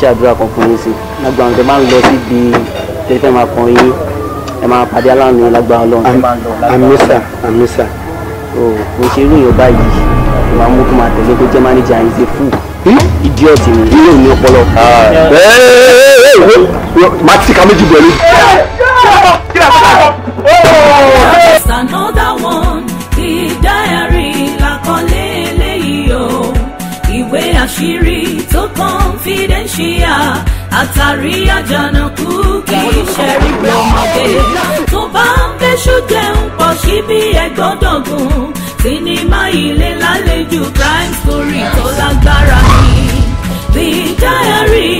ṣàdúrà kan fún yín sí lágbà ọ̀dẹ máa ń lọ síbi tẹ́tẹ́ máa kàn yín ẹ máa pàdé aláàánú lágbà ọlọ́run. àmísà àmísà. o kò ṣe irú èèyàn báyìí ìwà mú kó máa tẹ̀lé kó jẹ́ mánéjà yín ṣe fún ìdí ọ̀sìn ní ọpọlọ. Ah. máa ka méjì bẹ̀rù. It's another one, the diary, la kọ́lé lẹ́yìn o, ìwé àṣírí confidential àtàrí àjànàkú kì í ṣẹ̀rí ọmọdé tó bá ń bẹ́ṣù jẹun pọ̀ sí bí ẹ̀gbọ́dọ̀gùn sinimá ilé lálejò crime story tó lágbára ni The Diary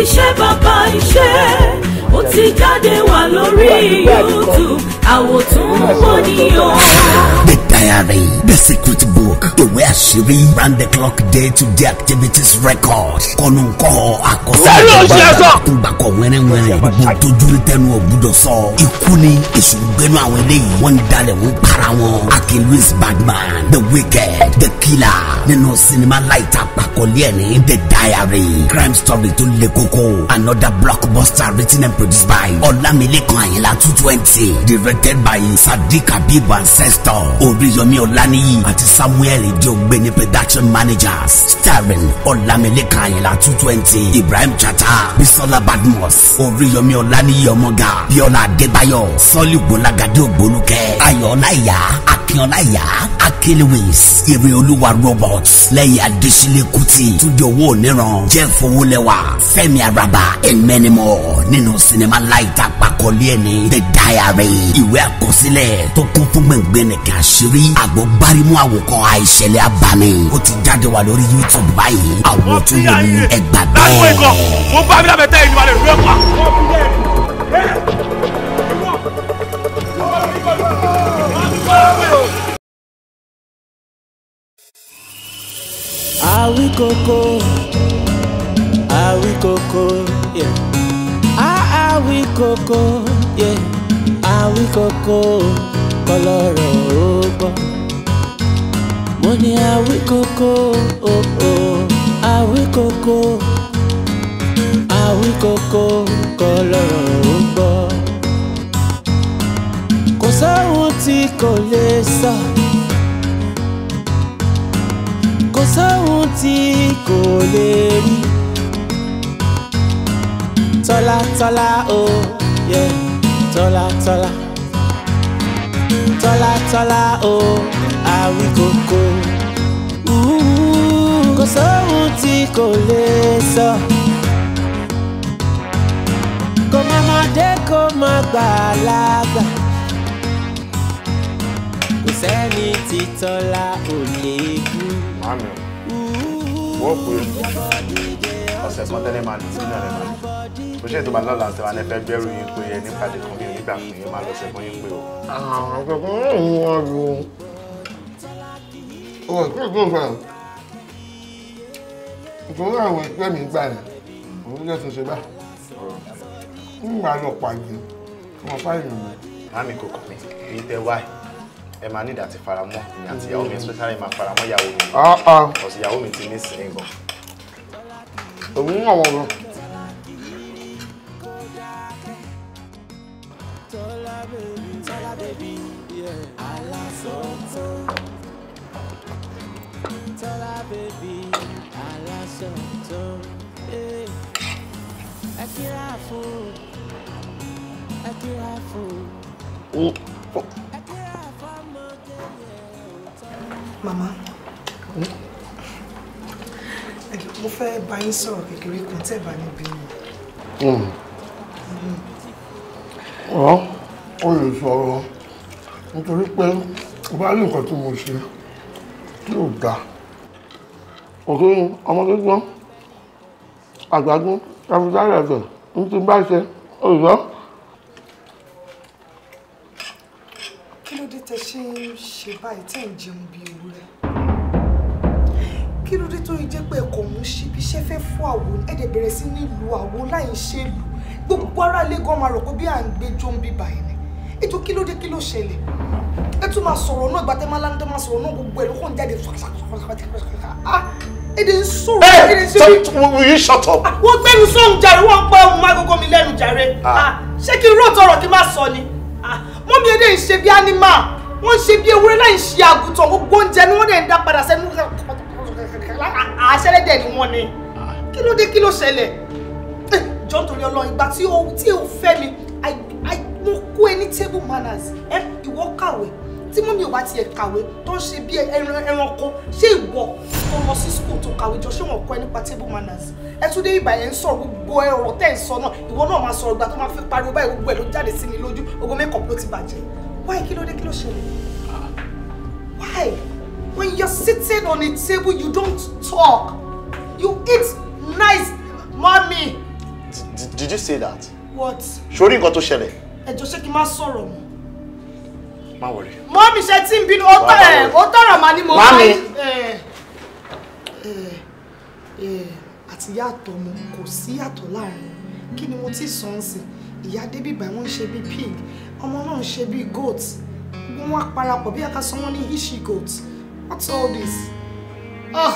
iṣẹ́ bàbá iṣẹ́ ti jáde wà lórí YouTube àwòtún mọ́ níyàn. The diary, the secret book, ìwé àṣírí, round the clock day to day activities record, kọ́nùkọ́ àkọsílẹ̀ ìgbàgbọ́ àtúgbàkọ̀ wẹ́rẹ́wẹ́rẹ́ gbogbo tójúrí tẹnu ọ̀gbúdọ̀ sọ. Ikú ni èṣù gbẹnu àwọn eléyìí, wọ́n ń dalẹ̀ wọ́n para wọn. Akin Louis Badman, The Wicked, The Killer, nínú sinimá láìta pàkọ́lé ẹ̀ ní The diary, crime story tó le koko, another blockbuster written and produced produced by Olamilekan Ayinla two twenty directed by Sadiq Habib ancestor Oriyomi Olaniyi àti Samuel Idiogbeni production managers starring Olamilekan Ayinla two twenty Ibrahim Chata Bisola Badmus Oriyomi Olaniyi Omoga Biola Adebayo Sọ́lì Gbọ́lágadé Ògbólúkẹ́ Ayọ̀ Ọláìyá Akínọláyà Akínlewis Ìrìn Olúwa Roberts Lẹ́yìn Adésílẹ̀ Kùtì Túndé Owó Oníran Jeff Owólẹ́wà Fẹ́mi Araba and many more nínú sinimá sinimá láì tá a pa kọ́lé ẹ̀ ní The ìwé àkọsílẹ̀ tó kún fún gbẹ̀ngbẹ̀n nìkan àṣírí àgbo gbárímú àwòkọ́ àìṣẹ̀lẹ̀ abàmì ó ti jáde wà lórí YouTube báyìí àwọn tún lè ní ẹgbà bẹ́ẹ̀. láti wọ ikọ̀ mo yeah. Awíkòkó yeah. Awíkòkó kọlọ́rọ̀ ó gbọ́. mo oh oh. òkò Awíkòkó Awíkòkó kọlọ́rọ̀ ó gbọ́. kò sóhun tí kò lè sọ. kò sóhun tí kò lè rí. Tọ́lá Tọ́lá o oh, yeah Tọ́lá Tọ́lá Tọ́lá Tọ́lá o oh, Awikoko kò sóhun tí kò lè sọ. kò mọ̀mọ́dé kò mọ gbàlagbà kò sẹ́ni tí Tọ́lá ò lè kú. màmí wọ́n pè é ọ̀sẹ̀ kan tẹ́lẹ̀ máa ní sílẹ̀ rẹ̀ máa kò ṣe tó máa lọ́la tí wọn fẹ́ gbẹ́rù yín pé ẹni pàdé kan yín nígbà fún yín máa lọ sẹ́kún yín pé o. Ah, àwọn akẹ́kọ̀ọ́ náà ń wá ju owó ìpínlẹ̀ gbà ìtòwúrọ̀ àwọn ìpínlẹ̀ mi gbà rẹ̀ òun jẹ́ tó ṣe bá ń wà lọ pàdé wọn fáìlì mi. kò kọ̀ mí èyí tẹ wáì ẹ máa nídà àti faramọ́ èmi àti ìyàwó mi especially máa faramọ́ ìyàwó mi ọ̀sìn ah, ah. ìyàwó mi ti ní sẹ́yìn gan. òun ń wọ̀ wọ̀ gan. Sola baby, yeah. Alasonso. Sola baby, Alasonso. Ẹ kíra fún, ẹ kíra fún. Ẹ kíra fún mo fẹ́ bá yín sọ̀rọ̀ kékeré kan tẹ́ bá níbi hmm. mi. Mm-hmm o lè sọ̀rọ̀ nítorí pé o bá rí nǹkan tí mo ṣe tí ò dáa òkè ọmọ gbígbọ́n àgbàgbọ́n kàfíńtàrì ẹ̀fẹ̀ ń ti bá ṣe olùsọ́. kí ló dé tẹ ṣe ń ṣe báyìí tẹ́ ń jẹun bí ewúrẹ́ kí ló dé tó jẹ́ pé ẹ̀kọ́ mú síbi iṣẹ́ fẹ́ fún àwo ẹ̀dẹ̀ bẹ̀rẹ̀ sí nílùú àwo láì ṣe lù gbogbo ara lẹ́gàn máa rò pé bí à ń gbé jó ń bí báyìí ni ètò kí ló dé kí ló ṣẹlẹ̀ ẹ máa sọ̀rọ̀ náà ìgbàtẹ́ máa láńdọ́ máa sọ̀rọ̀ náà gbogbo ẹ̀ ló kàn jáde ah, èdè will you shut up. Ah, wọ́n gbẹ́nu sóhun jàre wọ́n ń pa ohun agogo mi lẹ́nu jàre ah. ṣé kí n rò tọrọ kí n má sọ ni mọ́mí èdè ń ṣe bí ánímà wọ́n ń ṣe bí ewúrẹ́ láì ṣe àgùntàn gbogbo oúnjẹ ni wọ́n dẹ̀ ń dá padà sẹ́nu àṣẹlẹ́dẹ̀ ni wọ́n ni kí ló dé kí ló ṣẹlẹ̀ eh, jọ́ntorí mo kó ẹ table manners ẹ ìwọ kàwé tí mọ́mí ò bá tiẹ̀ kàwé tó ń ṣe bí ẹranko ṣé ìwọ tó lọ sí school tó kàwé jọ ṣé wọn kọ ẹ nípa table manners ẹ tún dé ibà yẹn ń sọ gbogbo ọ̀rọ̀ tẹ́ ń sọ náà ìwọ náà máa sọ̀rọ̀ ìgbà tó máa fi pariwo báyìí gbogbo ẹ̀ ló jáde sí mi lójú ogo mẹ́kọ̀ọ́ ló ti bàjẹ́ why kí ló dé kí ló ṣẹlẹ̀ why when you're sitting on a table you don't talk you eat nice mommy. did you say that. what. sori nǹkan tó ṣẹlẹ̀ ẹjọ́ ṣé kí n má sọ̀rọ̀ mọ́. má wọlé. mọ́mí ṣe tí ń bínú ó tọ̀rọ̀ ó tọ̀rọ̀ mà ni mo máa ń. àti ìyá àtọmọ kò sí yàtọ̀ láàrin kí ni mo ti sọ ń sìn ìyá débì báyìí ń ṣe bíi pig ọmọ náà ń ṣe bíi goat wọ́n wá parapọ̀ bí akásán wọn ní hishi goat what's all this. Oh.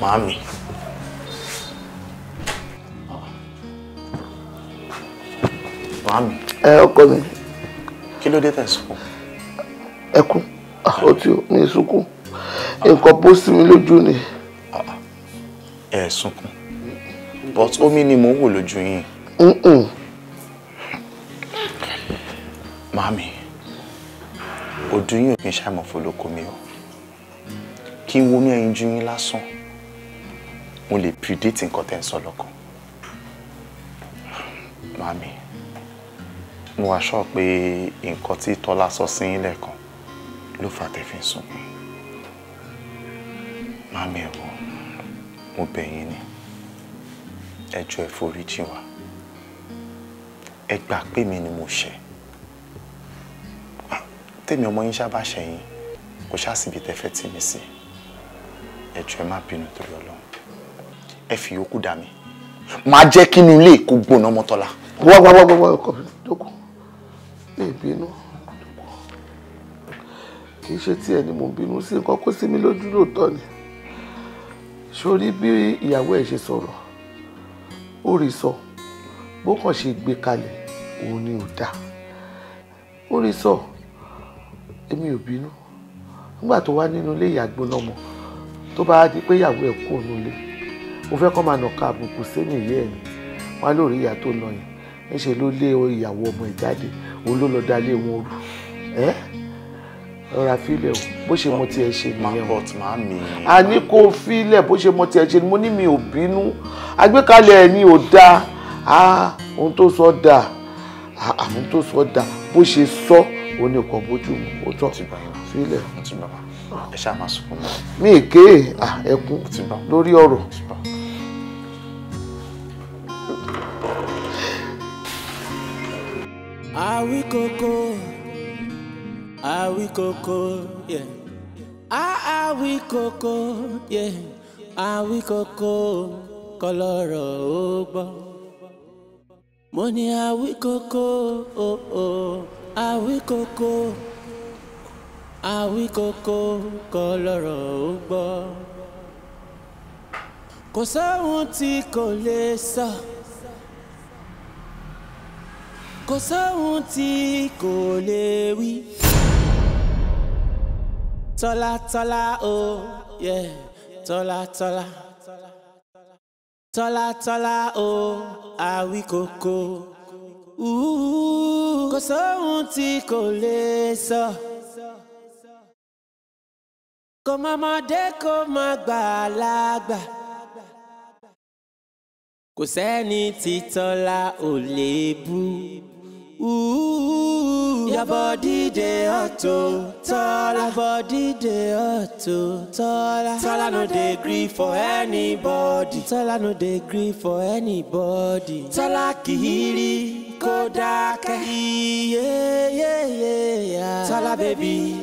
màámi. màámi. ẹ ọkọ mi. kí ló dé tẹ̀sùn. ẹkún ah, ó ti ní sunkún nǹkan bó sí mi lójú ni. ẹ sunkún but omi ni Mami, ń wò lójú yín. màámi ojú yín ò mi o kí n wo ní ẹyin ju yín lásán mo lè predict nǹkan tẹ́ ń sọ lọ́kàn mami mo wá sọ pé nǹkan tí tọ́lá sọ sí ilẹ̀ kan ló fà tẹ́ fi ń sùn mami ẹ wò mo bẹ̀ yín ni ẹ jọ̀ọ́ ẹ foríjì wá ẹ gbà pé mi ni mo ṣẹ̀ tèmi ọmọ yín ṣáà bá ṣẹ̀yìn kò ṣáà síbi tẹ́ fẹ́ tì mí sí ẹ fi yòókù dà mí màá jẹ́ kí inú ilé kó gbóná mọ́tọ́lá. wá wá wá wá ọkọ mi dókò lè bínú dókò kì í ṣe tí ẹni mò ń bínú sí nǹkan kó sí mi lójú lóòótọ́ ni sórí bí ìyàwó ẹ̀ ṣe sọ̀rọ̀ ó rí sọ bó kàn ṣe gbé kalẹ̀ òun ni ò dáa ó rí sọ èmi ò bínú nígbà tó wá nínú ilé ìyàgbọ́n lọ́mọ tó bá di pé ìyàwó ẹ̀ kú òun lé ó fẹ́ kọ́ máa nàka àbùkù sẹ́mi ìyá ẹ̀ wá lórí ìyá tó nà yẹn ẹ ṣe ló lé ìyàwó ọmọ ẹ̀ jáde òun ló lọ́ọ́ dalé wọn rú ẹ́ rọra fílẹ̀ o bó ṣe mo tiẹ̀ ṣe nìyẹn o a ní kó fílẹ̀ bó ṣe mo tiẹ̀ ṣe ni mo ní mi ò bínú àgbékalẹ̀ ẹ̀ ni ò dáa ohun tó sọ dáa àwọn tó sọ dáa bó ṣe sọ òun ni kò bójú mu ó tọ́ fílẹ̀ ẹ ṣáà máa sọ fún mi. mi èké ẹkún lórí ọ̀rọ̀. Awíkòkò, awíkòkò, yeah. Awíkòkò, yeah. Awíkòkò, kọlọ́rọ̀ ó gbọ́. Mo ní awíkòkò, oh oh, awíkòkò. Awíkòkò, koloro ó gbọ́. Kò sóhun tí kò lè sọ. So kò sóhun tí kò lè wí. tọ́lá o yeah. tọ́lá tọ́lá tọ́lá tọ́lá o àwí kòkó. kò sóhun tí kò lè sọ. kò mọ̀mọ́dé kò má gbàlagbà. kò sẹ́ni tí tọ́lá ò lè bú. Ooh, your body dey hot oh, Your body dey hot oh, Tola. no dey gree for anybody. Tola no dey gree for anybody. Tala kìírí kó dákẹ́. yeah yeah yeah. ya. Tola baby.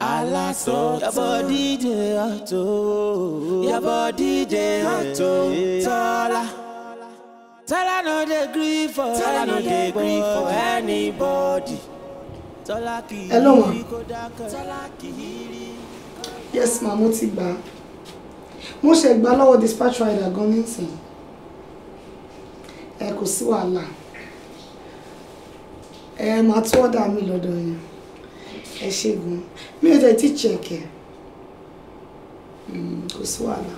alaso. Your body dey hot your body dey hot oh, Yeah. Tola no dey gree for anybody. Tola kì í rí kódà kan. Tola kì í rí. Yes ma, mo ti gbà. Mo ṣe gbà lọ́wọ́ dispatch rider gan nísìnyí. Ẹ kò sí wàhálà. Ẹ máa tún ọ̀dà mi lọ́dọ̀ yẹn. Ẹ ṣe gan. Mi ò tẹ̀ tí chẹ̀kẹ̀. Hmm, kò sí wàhálà.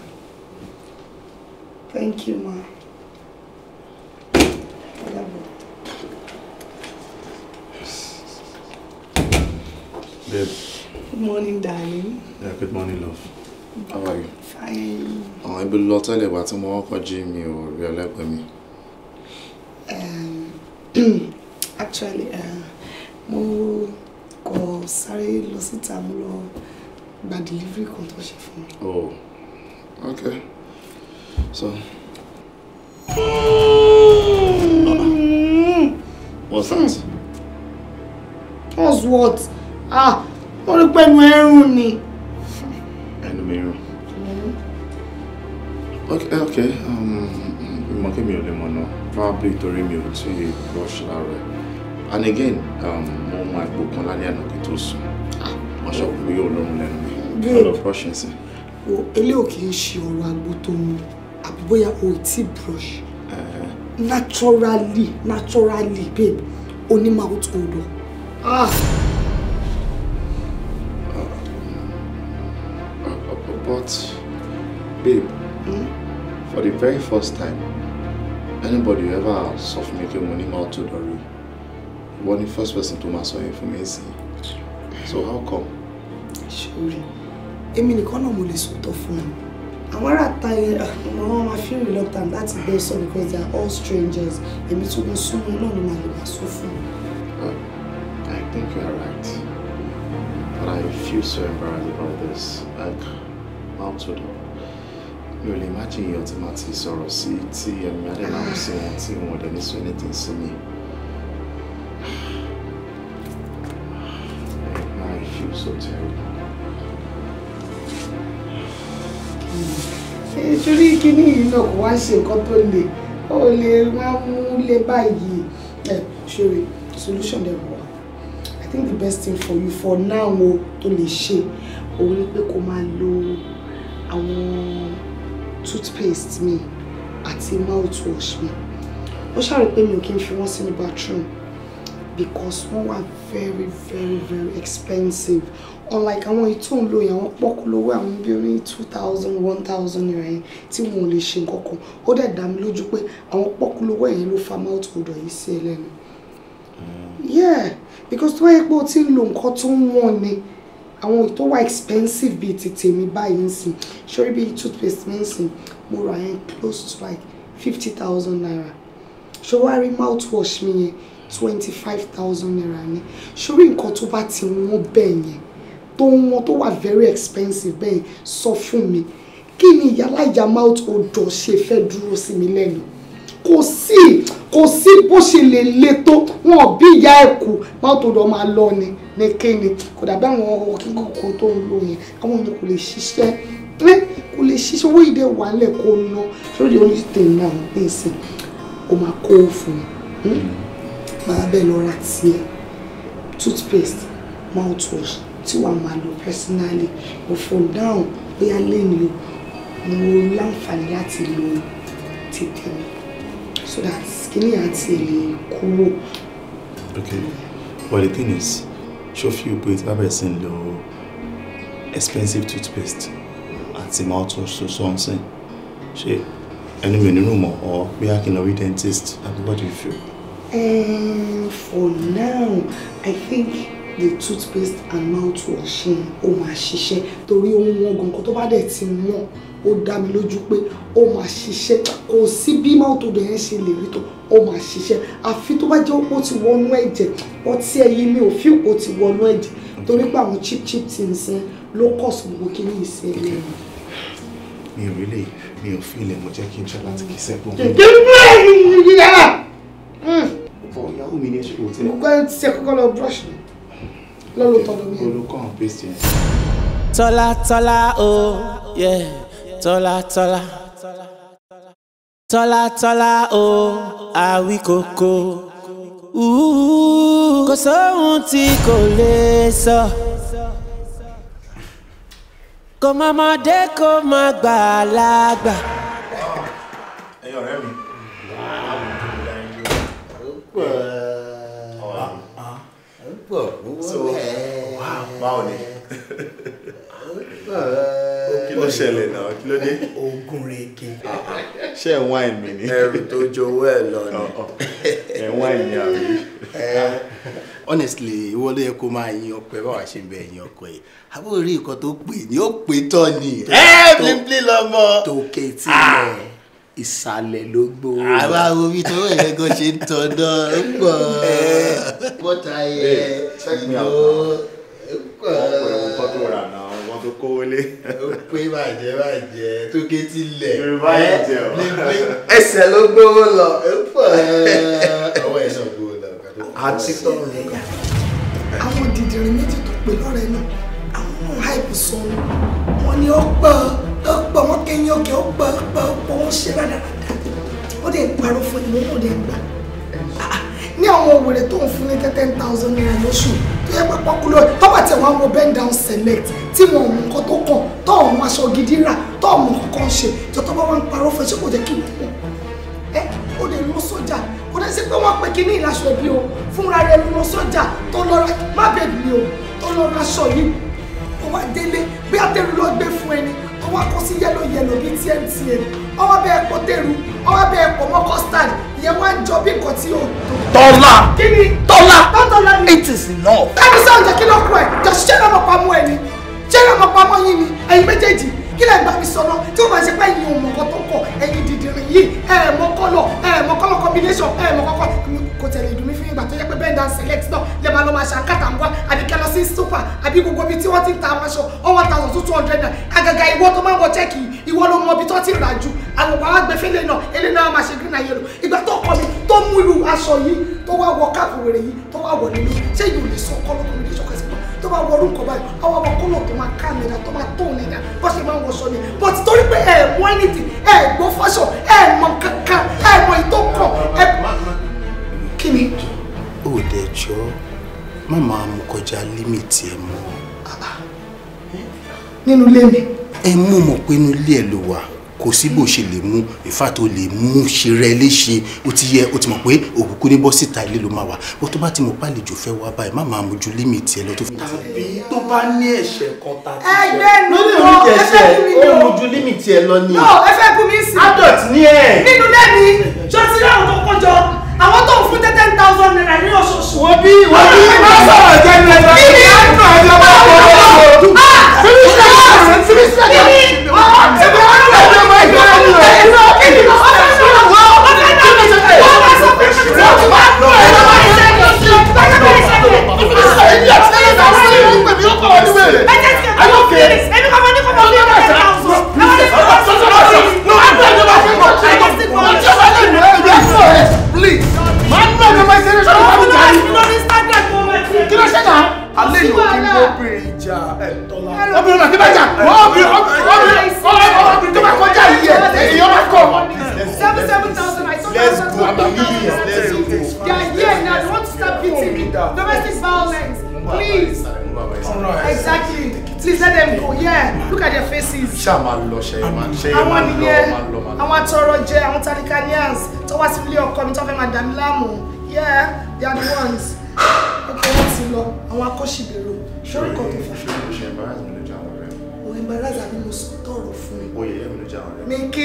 Thank you ma. Babe. Good morning, darling. Yeah, good morning, love. How are you? Fine. Àwọn ibi lọ tẹ́lẹ̀ wá tí mo kọ́kọ́ jí mi ò rí ẹlẹ́gbẹ̀ẹ́ mi. Um, actually, uh, mo kọ sorry, lọ síta mo lọ gba delivery kan tó ṣe Oh, okay. So. What's that? What's what? Ah, ó rí pé ẹnu ẹ̀rùn ni. Ẹnu Okay, okay. Um, mo kí mi ò lè mọ̀ Probably torí mi ò brush lára And again, um, mo mọ àgbo kan lálẹ́ àná kí tó I shall be pé yóò lọ́rùn Good. mi. Bẹ́ẹ̀ lọ brush ẹ̀ sìn. Eléyìí ò kì í ṣe ọ̀rọ̀ àgbo tó mu brush naturally naturally babe o ní mouth odor. Ah. Uh, uh, but babe hmm? for the very first time anybody ever sọ fún mi pé mo ní mouth odor rí ìwọ ni first person to máa sọ yẹn fún mi so how come. ṣòro èmi nìkan náà mo lè sòtọ́ fún ọ àwọn ará ta ah, ọmọ wọn máa feel reluctant láti gbé sọ because they are all strangers èmi tún lè sún wọn náà ni màá lè bá sún fún I think you are right but I feel so embarrassed about this like mom to them mi ò lè má jẹ èèyàn tí màá ti sọ̀rọ̀ sí tí ẹ̀mí adẹ́láwọ̀ sí wọn tí wọn ò dẹ̀ ní sọ anything sí mi. I feel so terrible. torí kíní yìí náà kò wá ṣe nǹkan tó le ó lè má mú lé báyìí ẹ ṣòro solution dẹ̀ wọ̀ i think the best thing for you for now o tó lè ṣe òun ni pé kó máa lo àwọn toothpaste mi àti mouthwash mi ó ṣàrò pé mi ò kí n fi wọ́n sínú bathroom because wọ́n wà very very very expensive unlike àwọn ètò ń lo ìyàwó pọ́kú lówó àwọn bí orin two thousand one thousand naira yẹn tí wọn ò lè ṣe nǹkan kan ó dẹ̀ dá mi lójú pé àwọn pọ́kú lówó yẹn ló fa mouth odor yìí sí ẹlẹ́nu. yeah because tó wáyé pé o ti ń lo nǹkan tó ń wọ́n ni àwọn ètò wà expensive bíi ti tèmi báyìí ń sìn sórí bíi toothpaste mi ń sìn mo ra yẹn close to like fifty thousand naira ṣé mouthwash mi yẹn twenty five thousand naira ni sórí nǹkan tó bá ti wọ́n bẹ́ẹ̀ yẹn tó wọn tó wà very expensive bẹ́ẹ̀ sọ fún mi kí ni ìyáláyà mouth odò ṣe fẹ́ dúró sí mi lẹ́nu kò sí kò sí bó ṣe lè le tó wọn bí ìyá ẹ̀ mouth odò máa lọ ni ní kéde kò dàbí àwọn ọkọ̀ tó ń lò yẹn àwọn yẹn kò lè ṣiṣẹ́ pé kò lè ṣiṣẹ́ owó ìdẹ wà lẹ̀ kó ná lórí oníṣẹ́ náà nísìn o máa kó o fún un hmm? máa bẹ́ẹ̀ lọ tiẹ̀ toothpaste mouthwash tí wàá máa lò personally mo fò dáhùn bóyá lẹ́nu mo láǹfààní láti lo ti tèmi so that skinny àti èlé kúrò. okay but the thing is ṣó fi òpè tí bàbá ẹ̀sìn lo expensive toothpaste àti mouthwash to something ṣe ẹni mi nínú mọ̀ ọ́ bóyá kí n lọ rí dentist àbí what do you feel. Um, for now I think the toothpaste and mouthwash yẹn ó máa ṣiṣẹ́ torí ó ń gan kó tó bá dẹ̀ ti wọ́n ó dá mi lójú pé ó máa ṣiṣẹ́ kò sí bí mouthwash yẹn ṣe lè rí tó ó máa ṣiṣẹ́ àfi tó bá jẹ́ ó ti wọnú ẹ̀jẹ̀ ọtí ẹyin mi ò fi ó ti wọnú ẹ̀jẹ̀ torí pé àwọn cheap cheap things yẹn ló kọ̀ sí gbogbo kí ní ìsẹ́ lẹ́nu. mi ò rí lè mi ò fi ilẹ̀ mo jẹ́ kí n ṣe láti kí sẹ́kù. mi kò tẹ́. mo ti ṣe kọ́kọ́ lọ brush mi lọ́lọ́ tọ́lọ́ mi. olùkọ́ ń pèsè. tọ́lá tọ́lá o yẹ tọ́lá tọ́lá tọ́lá tọ́lá o àwí kòkó kò sóhun tí kò lè sọ. kò mọ̀mọ́dé kò mọ̀ gbàlagbà. ẹyọ ọ̀rẹ́ mi. pọ̀ púpọ̀ bẹ́ẹ̀. wà á báwo ni. kí ló ṣẹlẹ̀ náà kí ló dé. oògùn reke. ṣé ẹ̀ wá ìmì ni. ẹrù tó jowó ẹ̀ lọ ni. ẹ̀ wá ìmì àbí. honestly ìwọ ló yẹ kó máa yin ọkọ ẹ báwa ṣe ń bẹ ẹyin ọkọ yìí àbúrò rí nǹkan tó pè ní ó pè tán ni. ẹ bí bí lọmọ. tó kéétì lọ ìsàlẹ̀ ló gbowó. àwa omi tó wẹ̀ gẹ́gọ́ ṣe ń tọ́nà ń pọ̀ eh, bọ́tà yẹ ìgbò ń pọ̀. ọ̀pọ̀ ìwọ̀n tó rà náà wọ́n tó kówó lé. ó pé bàjẹ́ bàjẹ́ tó ké tí lẹ̀. yorùbá yẹn eh, jẹ ọ. ẹsẹ̀ ló gbowó lọ ń pọ̀. ọwọ́ ẹ̀ sàn gbowó lọ. àti tọrọ rẹ yà àwọn dìdìrín méjì tó pè lọ́rẹ̀ẹ́ náà àwọn hype sọnù wọn ni ó pọ̀ ọ̀pọ̀ wọn kẹyìn òkè ọ̀pọ̀ ọ̀pọ̀ ọ̀pọ̀ wọn ṣe rádaràda ó dẹ̀ parọ́ fún ni wọn ò dẹ̀ gbà ní àwọn òwèrè tó ń fún ní ten thousand naira lóṣù tó yẹ pé pọ́kúlọ́ tọ́pọ̀ tí wọ́n á wọ bend down select tí wọn mú nǹkan tó kàn tó ọ̀hún aṣọ gidi rà tó ọ̀hún kankan ṣe tó tọ́ wọn parọ́ fún ẹ ṣé kò jẹ́ kí wọ́n mọ̀ ó lè lọ sọ́jà kò dẹ́ sí pé wọ́n pe kínní ìlàṣọ ẹbí o fúnra rẹ lọ sọ́jà tó lọ ra má bẹ̀ẹ̀ mi o tó lọ aṣọ yìí ó wá délé bí atẹ́rù lọ gbé fún ẹni ó wá kó sí yẹ́lò yẹ́lò bíi tmtm ọwọ́ bẹ́ẹ̀ pọ̀ tẹ̀rù ọwọ́ bẹ́ẹ̀ pọ̀ mọ́ custard ìyẹn wá jọ bí nǹkan tí o. tọ́lá tọ́lá tọ́lá it is enough. ẹni sọ ọjọ́ kí ló kú ẹ jọ ṣiṣẹ́ lọ́mọ pamọ́ ẹ ni ṣé lọ́mọ pamọ́ yín ni ẹ̀yin méjèèjì kí lẹ́ẹ̀ gbà mí sọ̀rọ̀ tí ó máa ṣe pé ẹ̀yin òmùkọ tó kọ̀ ẹ̀yin dìdìrín yìí ẹ̀ẹ̀mọ kọ́lọ̀ combination ẹ̀ẹ̀mọ kọ́kọ́ kò tẹ̀lé d ìgbà tó yẹ pé bẹ́ńdà select náà lè máa lọ máa ṣe àkàtà ń wá àbí kẹlọ sí super àbí gbogbo ibi tí wọ́n ti ń ta aṣọ one thousand two two hundred naira àgàgà ìwọ tó máa ń wọ chẹ́ẹ̀kì ìwọ ló mọ ibi tó ti rà jù àwọn wàá gbé fẹ́lẹ̀ náà ilé náà máa ṣe green ayélu ìgbà tó kọ mi tó mú irú aṣọ yìí tó wá wọ káàpù wèrè yìí tó wá wọ nínú ṣé yìí ò lè sọ kọ́lọ́ kọ́lọ́ ìṣọ́ kẹsì pọ̀ tó bá wọ orúkọ báyìí àwọn ọmọ kọ́lọ̀ tó máa ká nìyà tó máa tó nìyà bó ṣe máa ń wọṣọ ni but torí pé ẹ mọ ẹnìtì ẹ gbọ́ fashion ẹ mọ kankan ẹ mọ ìtọ́kọ̀ ẹ. kí ni ò dẹjọ́ má máa mú kọjá límìtì ẹ̀ mọ́. nínú ilé mi. ẹ mú mọ̀ pé inú ilé ẹ ló wà kò sí bó ṣe lè mú ìfà tó lè mú ṣe rẹ léṣe ó ti yẹ o ti mọ̀ pé òkùnkùn ní bọ́ síta ilé ló máa wà bó tó bá ti mọ̀ pálejò fẹ́ wá báyìí má máa mú ju límìtì ẹ lọ tó fi. tàbí tó bá ní ẹ̀ṣẹ̀ kan ta ti ṣe ẹgbẹ́ mi ló ẹ fẹ́ kú mi lò ó mú ju límìtì ẹ lọ ni. ẹ fẹ́ kú mi sí. adult ni ẹ. nínú lẹ́mi jọ́sí láwọn tó kọjọ àwọn tó ń fún tẹ́ ten thousand naira ní oṣooṣù. wọ́n bí wọ́n bí wọ́n sọ̀rọ̀ jẹ́ ní ẹgbẹ́ kí ni àná ẹ̀jẹ̀ bá wọ́n wọ́n wọ́n dùn. Yes. No, I'm not going to be able to do it please. Màá nù ọ̀gá máa ṣeré ṣọ́ọ́ ìwádìí jà yìí. Lórí Instagram mo máa ti. Kí ló ṣe jà? Alẹ́ yóò kí n bóbìnrin jà ẹ̀tọ́lá. Obìnrin náà ti bá jà. Obìnrin obìnrin tó bá kọjá yìí ẹ̀ èèyàn máa kọ̀. Seven seven thousand I saw Let's go. I'm a million. Let's go. They are here now. They want to start beating me. Domestic violence. Please. Exactly. Please let them go. Yeah. Look at their faces. Ṣá máa lọ ṣe é máa ṣe é máa lọ máa lọ máa lọ. Àwọn atọrọ jẹ àwọn talikanians tó wá sí ilé ọkọ mi tó fẹ́ máa dà mí láàmú. Yeah, they are the ones. Ọkọ wọn ti lọ, want akọ́ṣìbèrò. Ṣórí kan tó fà. Ṣé embarrass mi ló jẹ́ àwọn ọ̀rẹ́? Òun embarrass àbí mo sọ tọ̀rọ̀ fún mi. Oyè ẹ̀ mi ló jẹ́ àwọn me. Mi kí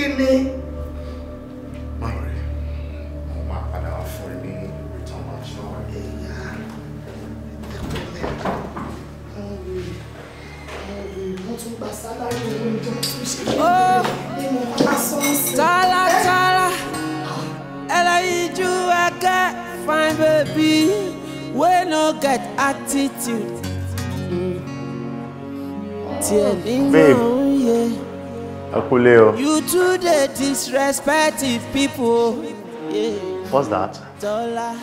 Oh, tala tala, ela iju eke fine baby, we no get attitude. Babe, Akule o. You too dey disrespect people. Yeah. What's that? Dollar.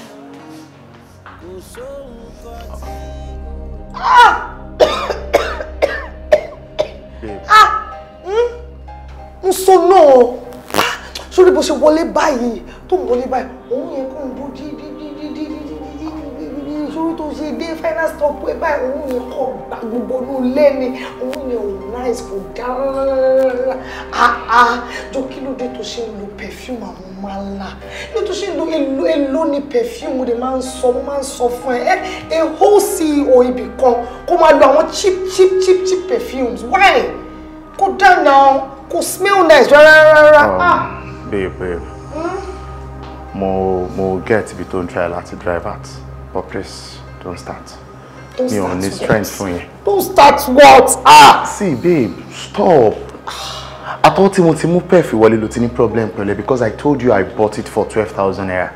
n so náà sórí bó ṣe wọlé báyìí tó ń wọlé báyìí òun yẹ kó ń bó dídídídídídídídídídídí sórí tó ṣe dé final stop pé báyìí òun yẹ kó gba gbogbo inú ilé ni òun yẹ òun nice kò dá rárá àá jọ kí ló dé tó ṣe ń lo perfume àwọn àlà ní tó ṣe èlò èlò ni perfume de máa ń sọ mo máa ń sọ fún ẹ ẹ eh, ho ceo ibì kan kó máa lo àwọn cheap cheap cheap cheap perfumes why kó dáná kó smell nice rárá rárá. Um, ah. babe babe hmm? mo mo get ibi tó ń try láti drive at but please don't start mi ò ní strength fún yẹn. don't start what ah. see babe stop. Ah. At all, mo ti mú pẹ́ẹ̀fì wọlé ló problem because I told you I bought it for twelve thousand naira.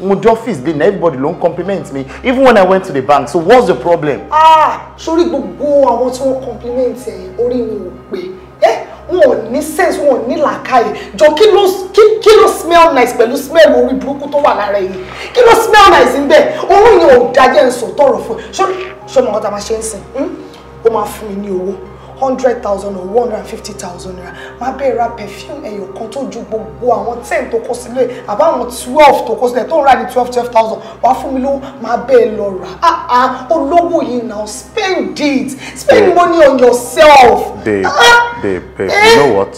mo dé ọ́fíìsì dé na everybody don't compliment me even when I went to the bank so what's the problem. ah sórí go àwọn tí wọ́n compliment ẹ̀ orí mi ò pé wọn ò ní sense wọn ò ní làákàyè kilo kí smell nice but you smell orí broken tó wà lára smell nice in bẹ̀ Only yẹn daddy and ń sọ tọrọ fún ẹ ṣé ṣé ọmọ ọ̀tá máa ṣe ń sìn hmm? ó hundred thousand or one hundred fifty thousand naira máa bẹ́ẹ̀ ra perfume ẹyọ kan tó ju gbogbo àwọn ten tó kó sílẹ̀ àbáwọn twelve tó kó sílẹ̀ tó ń rà ní twelve twelve thousand wàá fún mi lówó máa bẹ́ẹ̀ lọ rà á ah, á ah, olówó yìí now spend it spend money on yourself. babe ah, babe babe eh? you know what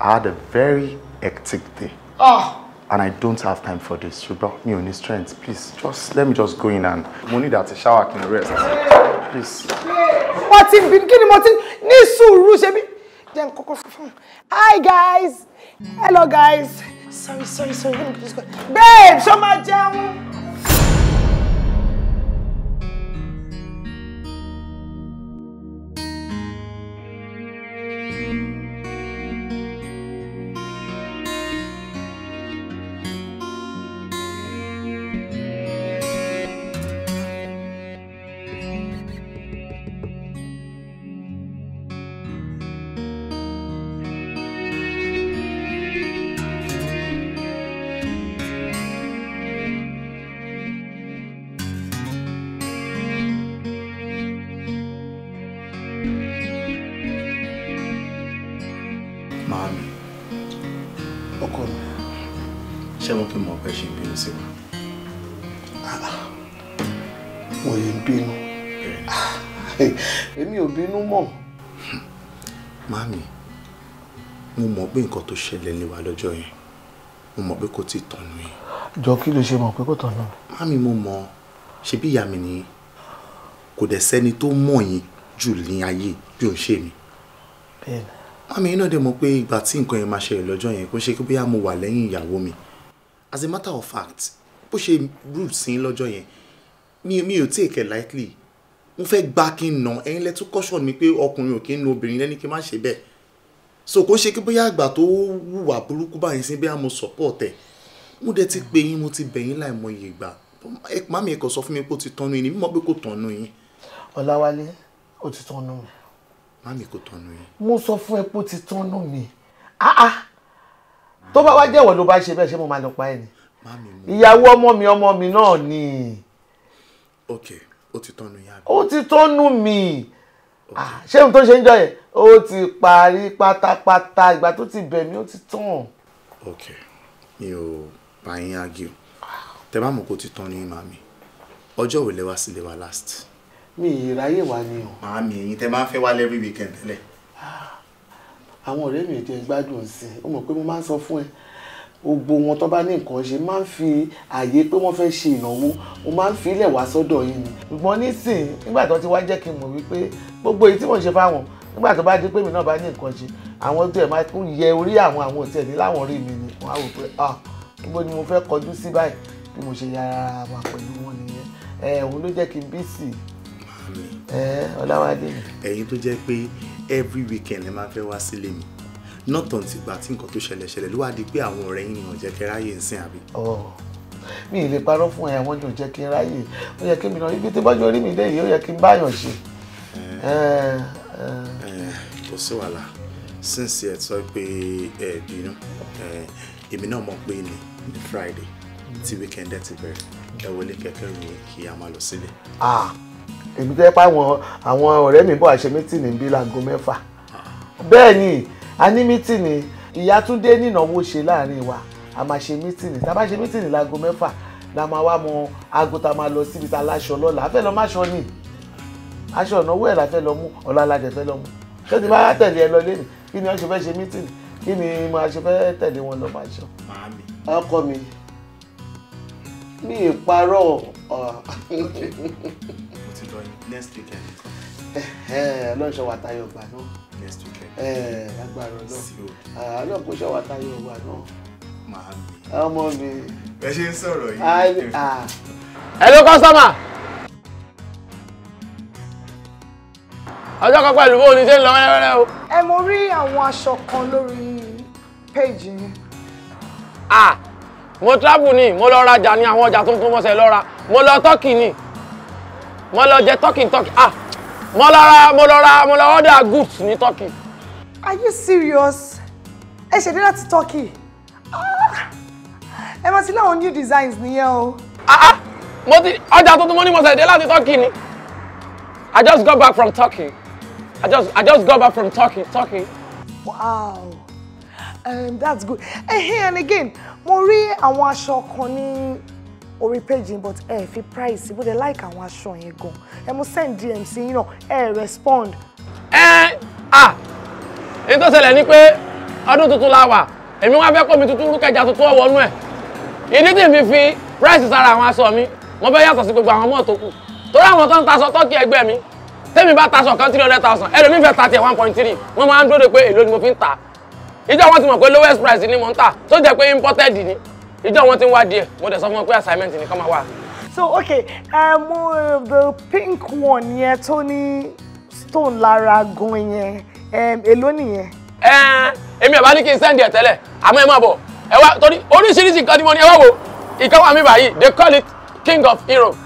I had a very hectic day. Ah and I don't have time for this. You brought me on ní strength. Please, just let me just go in and Money need a shower can rest. Please. Wọ́n ti bí kí ni mo ti ní sùúrù ṣe bí? Jẹ́ Hi guys! Hello guys! Sorry, sorry, sorry. Let me just go. Babe, ṣọ́ máa ṣé mo pé mo pẹ́ ṣe ń bínú sí wa. mo yẹ ń bínú èmi ò bínú mọ́. mami mo mọ̀ pé nǹkan tó ṣẹlẹ̀ lé wa lọ́jọ́ yẹn mo mọ̀ pé kò tí ì tọ̀nù yìí. jọ kí ló ṣe mọ̀ pé kò tọ̀nù. mami mo mọ̀ ṣebí ìyá mi nìyí kò dẹ̀ sẹ́ni tó mọ̀ yín jù ní ayé bí òun ṣe mi. mami iná dẹ̀ mọ̀ pé ìgbà tí nǹkan yẹn máa ṣẹlẹ̀ lọ́jọ́ yẹn kó ṣe pé bóyá mo wà lẹ́yìn ìyàwó mi as a matter of fact bó ṣe rude sí lọ́jọ́ yẹn mi mi ò take it lightly mo fẹ́ gbá kí n nà ẹ̀yin lẹ́tún caution mi pé ọkùnrin ò kí n na obìnrin lẹ́ni kí n má ṣe bẹ́ẹ̀ so kò ṣe kí bóyá àgbà tó wùwà burúkú báyìí sí bóyá mo support ẹ̀ mo dẹ̀ ti pè yín mo ti bẹ̀ yín láì mọ iye ìgbà màmí ẹ̀kọ́ sọ fún mi pé ó ti tọ́nu yín ni mímọ́ pé kò tọ́nu yín. ọ̀làwálé ó ti tọ́nu mi. màmí kò tọ́nu yín. mo sọ fún ẹ pé ó ti tọ́nu mi. ah ah tó bá wá jẹ́wọ́ ló bá ṣe bẹ́ẹ̀ ṣé mo máa lọ pa ẹ́ ni ìyàwó ọmọ mi ọmọ mi náà ni. ok ó ti tọ́nu ìyá mi. ó ti tọ́nu mi ah, ṣé ohun tó ṣe ń jọ yẹn ó ti parí pátápátá ìgbà tó ti bẹ̀ mí ó ti tàn. ok mi ò bá yín ágil tẹ bá mọ̀ kó ti tọ́nu yín màmí ọjọ́ wo lẹ wá sílé wa last. mi ìráyè wa ni o. màmí ẹ̀yin tẹ máa ń fẹ́ wálé every weekend tẹ́lẹ̀. Ah àwọn ọ̀rẹ́ mi ètò ìgbádùn sí i ó mọ̀ pé mo máa ń sọ fún ẹ gbogbo wọn tó bá ní nǹkan ṣe máa ń fi àyè pé wọ́n fẹ́ ṣe ìnáwó mo máa ń fi ilẹ̀ wá sọ́dọ̀ yìí ni ṣùgbọ́n nísìn nígbà tó ti wá jẹ́ kí n mọ̀ wípé gbogbo èyí tí mò ń ṣe fáwọn nígbà tó bá di pé mi náà bá ní nǹkan ṣe àwọn tó ẹ̀ máa kún yẹ orí àwọn àwọn òtí ẹ̀ ní láwọn rí mi ni wọ́n á wò pé ah níbo ni mo fẹ́ kọjú sí báyìí bí mo ṣe yára wà pẹ̀lú wọn nìyẹn ẹ̀ òun ló jẹ́ kí n bí sí every weekend ẹ máa fẹ́ wá sílé mi not until ìgbà tí nǹkan tó ṣẹlẹ̀ ṣẹlẹ̀ ló wá di pé àwọn ọ̀rẹ́ yìí ò jẹ́ kí ráyè ń sìn àbí. mi ì lè parọ́ fún ẹ wọ́n jò jẹ́ kí n ráyè ó yẹ kí mi náà ibi tí bọ́jú orí mi dé yìí ó yẹ kí n báyàn ṣe. kò sí wàhálà sínsì ẹ sọ pé ẹ bínú èmi náà mọ̀ pé ní friday mm. tí weekend ẹ ti bẹ̀rẹ̀ ẹ wọlé kẹ̀kẹ́ ròyìn kí a máa lọ sílé. Ah èmi tẹ́ pa àwọn àwọn ọ̀rẹ́ mi bọ̀ àṣẹ mítìnì ń bí láago mẹ́fà bẹ́ẹ̀ ni a ní ìyá Túndé nínáwó ṣe láàrin wa a máa ṣe mítìnì tá a bá ṣe mítìnì láago mẹ́fà la máa wá mọ aago tá a máa lọ síbi tá a láṣọ lọ́la a fẹ́ lọ máṣọ ni aṣọ ìnáwó ẹ̀ la fẹ́ lọ mú ọ̀la la fẹ́ lọ mú ṣé ti máa tẹ̀lé ẹ lọ lé mi kí ni wọ́n ṣe fẹ́ ṣe mítìnì kí ni mo ṣe fẹ́ tẹ̀lé wọn lọ máṣọ. ọkọ mi mi ì parọ́ lọ́jọ́ next weekend. ọlọ́run ṣọwọ́ àtayọ̀ gbà náà. next weekend. agbára náà ah, ọlọ́run kò ṣọwọ́ àtayọ̀ gbà náà. màá mi. ọmọ mi. ẹ ṣe ń sọ̀rọ̀ yìí. Ah. hello customer. ọjọ́ kan pẹ̀lú bóun ni ṣe ń lọ wẹ́rẹ́wẹ́rẹ́ o. ẹ mo rí àwọn aṣọ kan lórí péèjì yẹn. ah mo travel ni mo lọ rajà ní àwọn ọjà tuntun mọ́sẹ̀ lọ́ra mo lọ tọ́kì ni mo lọ jẹ turkey turkey ah mo lọ ra mo lọ ra mo lọ order goods ní turkey. are you serious? ẹ ṣèdí láti turkey ah, ẹ máa ti láwọn new designs nìyẹn o. ah ah mo ti ọjà tuntun mo ní mo ṣèdí láti turkey ni i just got back from turkey i just i just got back from turkey turkey. wow um, that's good eh hey, and again mo rí àwọn aṣọ kan ní orí péjì but ẹ fi price bó de like àwọn aṣọ yẹn gan ẹ mo send dm sí yín náà respond. Eh, ah. ní tó ṣẹlẹ̀ ni pé ọdún tuntun la wà èmi wá fẹ́ kó mi tuntun rúkẹjà tuntun ọ̀wọ́nú ẹ̀ ìdí tí mi fi price sára àwọn aṣọ mi wọ́n fẹ́ yàtọ̀ sí gbogbo àwọn mọ́ọ̀tò kù torí àwọn tó ń taṣọ tọ́kì ẹgbẹ́ mi tẹ́mi bá taṣọ kan three hundred thousand mi fẹ́ ta tiẹ̀ one point three wọ́n máa ń dúró de pé èló ni mo fi ń ta ìjọ wọn ti mọ̀ pé lowest price ni mo ń ta tó jẹ́ pé imported ni ìjọ wọn ti ń wá díẹ̀ mo dẹ̀ sọ fún wọn pé assignment nìkan máa wà. so okay mo um, the pink one yẹn tó ní stone lára gan yẹn èló nìyẹn. èmi àbá ní kí n send ẹ tẹ́lẹ̀ àmọ́ ẹ má bọ̀ ẹ wá torí oríṣiríṣi nǹkan ni mo ní ẹ wá wò ìkáwá mi báyìí they call it king of Europe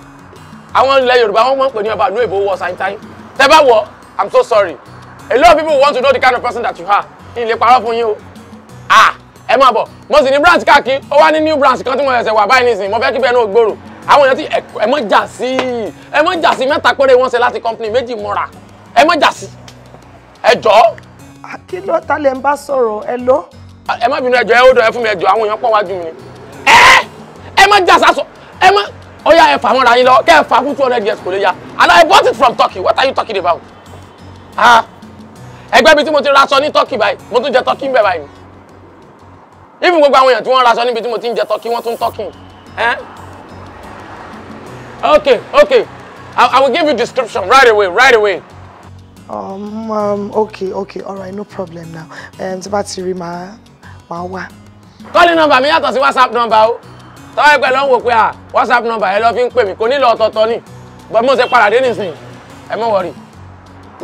àwọn ilẹ̀ Yorùbá wọn máa ń pè ní ọba ìlú èbó wọ santain tẹ bá wọ i'm so sorry a lot of people want to know the kind of person that you are ilé parọ́ fún yín o ah ẹ máa bọ̀ mo sì ní branch káàkiri ó wá ní new branch kan tí mo ṣẹ̀ṣẹ̀ wà báyìí nísìnyí mo fẹ́ kí bẹ́ẹ̀ náà gbòòrò àwọn èèyàn tí ẹ mọ̀ jà sí ẹ mọ̀ jà sí mẹ́ta péré wọ́n ṣe láti company méjì mọ́ra ẹ mọ̀ jà sí ẹ jọ̀ọ́. àkìlọ̀ ta lẹ ń bá sọ̀rọ̀ ẹ lọ. ẹ má bínú ẹjọ ẹ ó dọ ẹ fún mi ẹjọ àwọn èèyàn pọ̀ wájú mi ni. ẹ ẹ mọ̀ jà sásọ ẹ mọ̀ ó yá ẹ fà mọ́ra yín lọ kẹ́ ẹ fà fún two hundred years kò lè ya and I bought it from Turkey what are you talking about? ẹgbẹ́ bíi tí mo ti ra aṣọ Turkey báyìí mo tún jẹ even gbogbo àwọn èèyàn tí wọ́n raṣọ níbi tí mo ti ń jẹ tọ́kì wọ́n tún tọ́kì eh? okay okay I, I will give you description right away right away. Um, um, okay okay all right no problem now um, tí bá ti rí màá màá wá. kọ́lì nọ́mbà mi yàtọ̀ sí whatsapp nọ́mbà o tọ́wọ́ ẹgbẹ́ ló ń wò pé à ah, whatsapp nọ́mbà ẹ lọ fi ń pè mí kò nílò ọ̀tọ̀ọ̀tọ̀ ni but mo ṣe padà dé nísìnyí ẹ mọ̀ wọ̀rì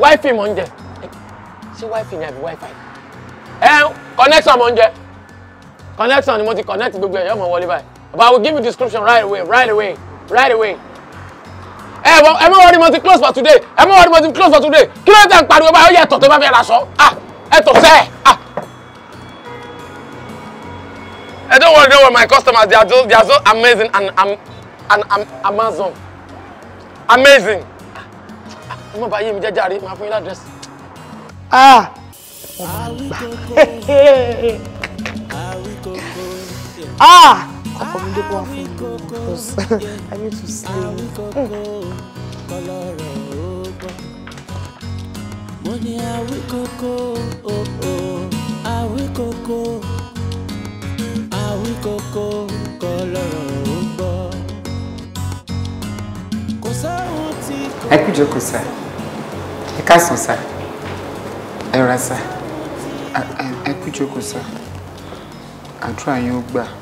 wifi mò ń jẹ ṣé wifi ni àbí wifi ẹ eh, connection mò ń jẹ connection ni mo ti connect gbogbo ẹ̀ yọ mọ̀ wọlé báyìí but I will give you description right away right away right away. ẹ wọ ẹ mọ wọrí mo ti close for today ẹ mọ wọrí mo ti close for today kí ló ń tẹ̀ ń pariwo báyìí ó yẹ ẹ̀tọ̀ tó bá fẹ́ ra sọ ah ẹ̀tọ̀ sẹ́ẹ̀ ah. ẹ don't worry don't my customers they are so they are so amazing and um, and and, um, and amazon amazing. ẹ mọ̀ báyìí mi jẹ́ jàre máa fún yín ládírẹ́sì. ah. ah ah ọkọ mi dé bọ́ wá fún mi because I need to sleep. mo ní àwíkókó òpó àwíkókó àwíkókó kọ́ lọ́rọ̀ ó gbọ́. kò sóhun tí kò. ẹ kú jókòó sá ẹ káàsán sá ẹ rà sá ẹ kú jókòó sá àdúrà yín ó gbà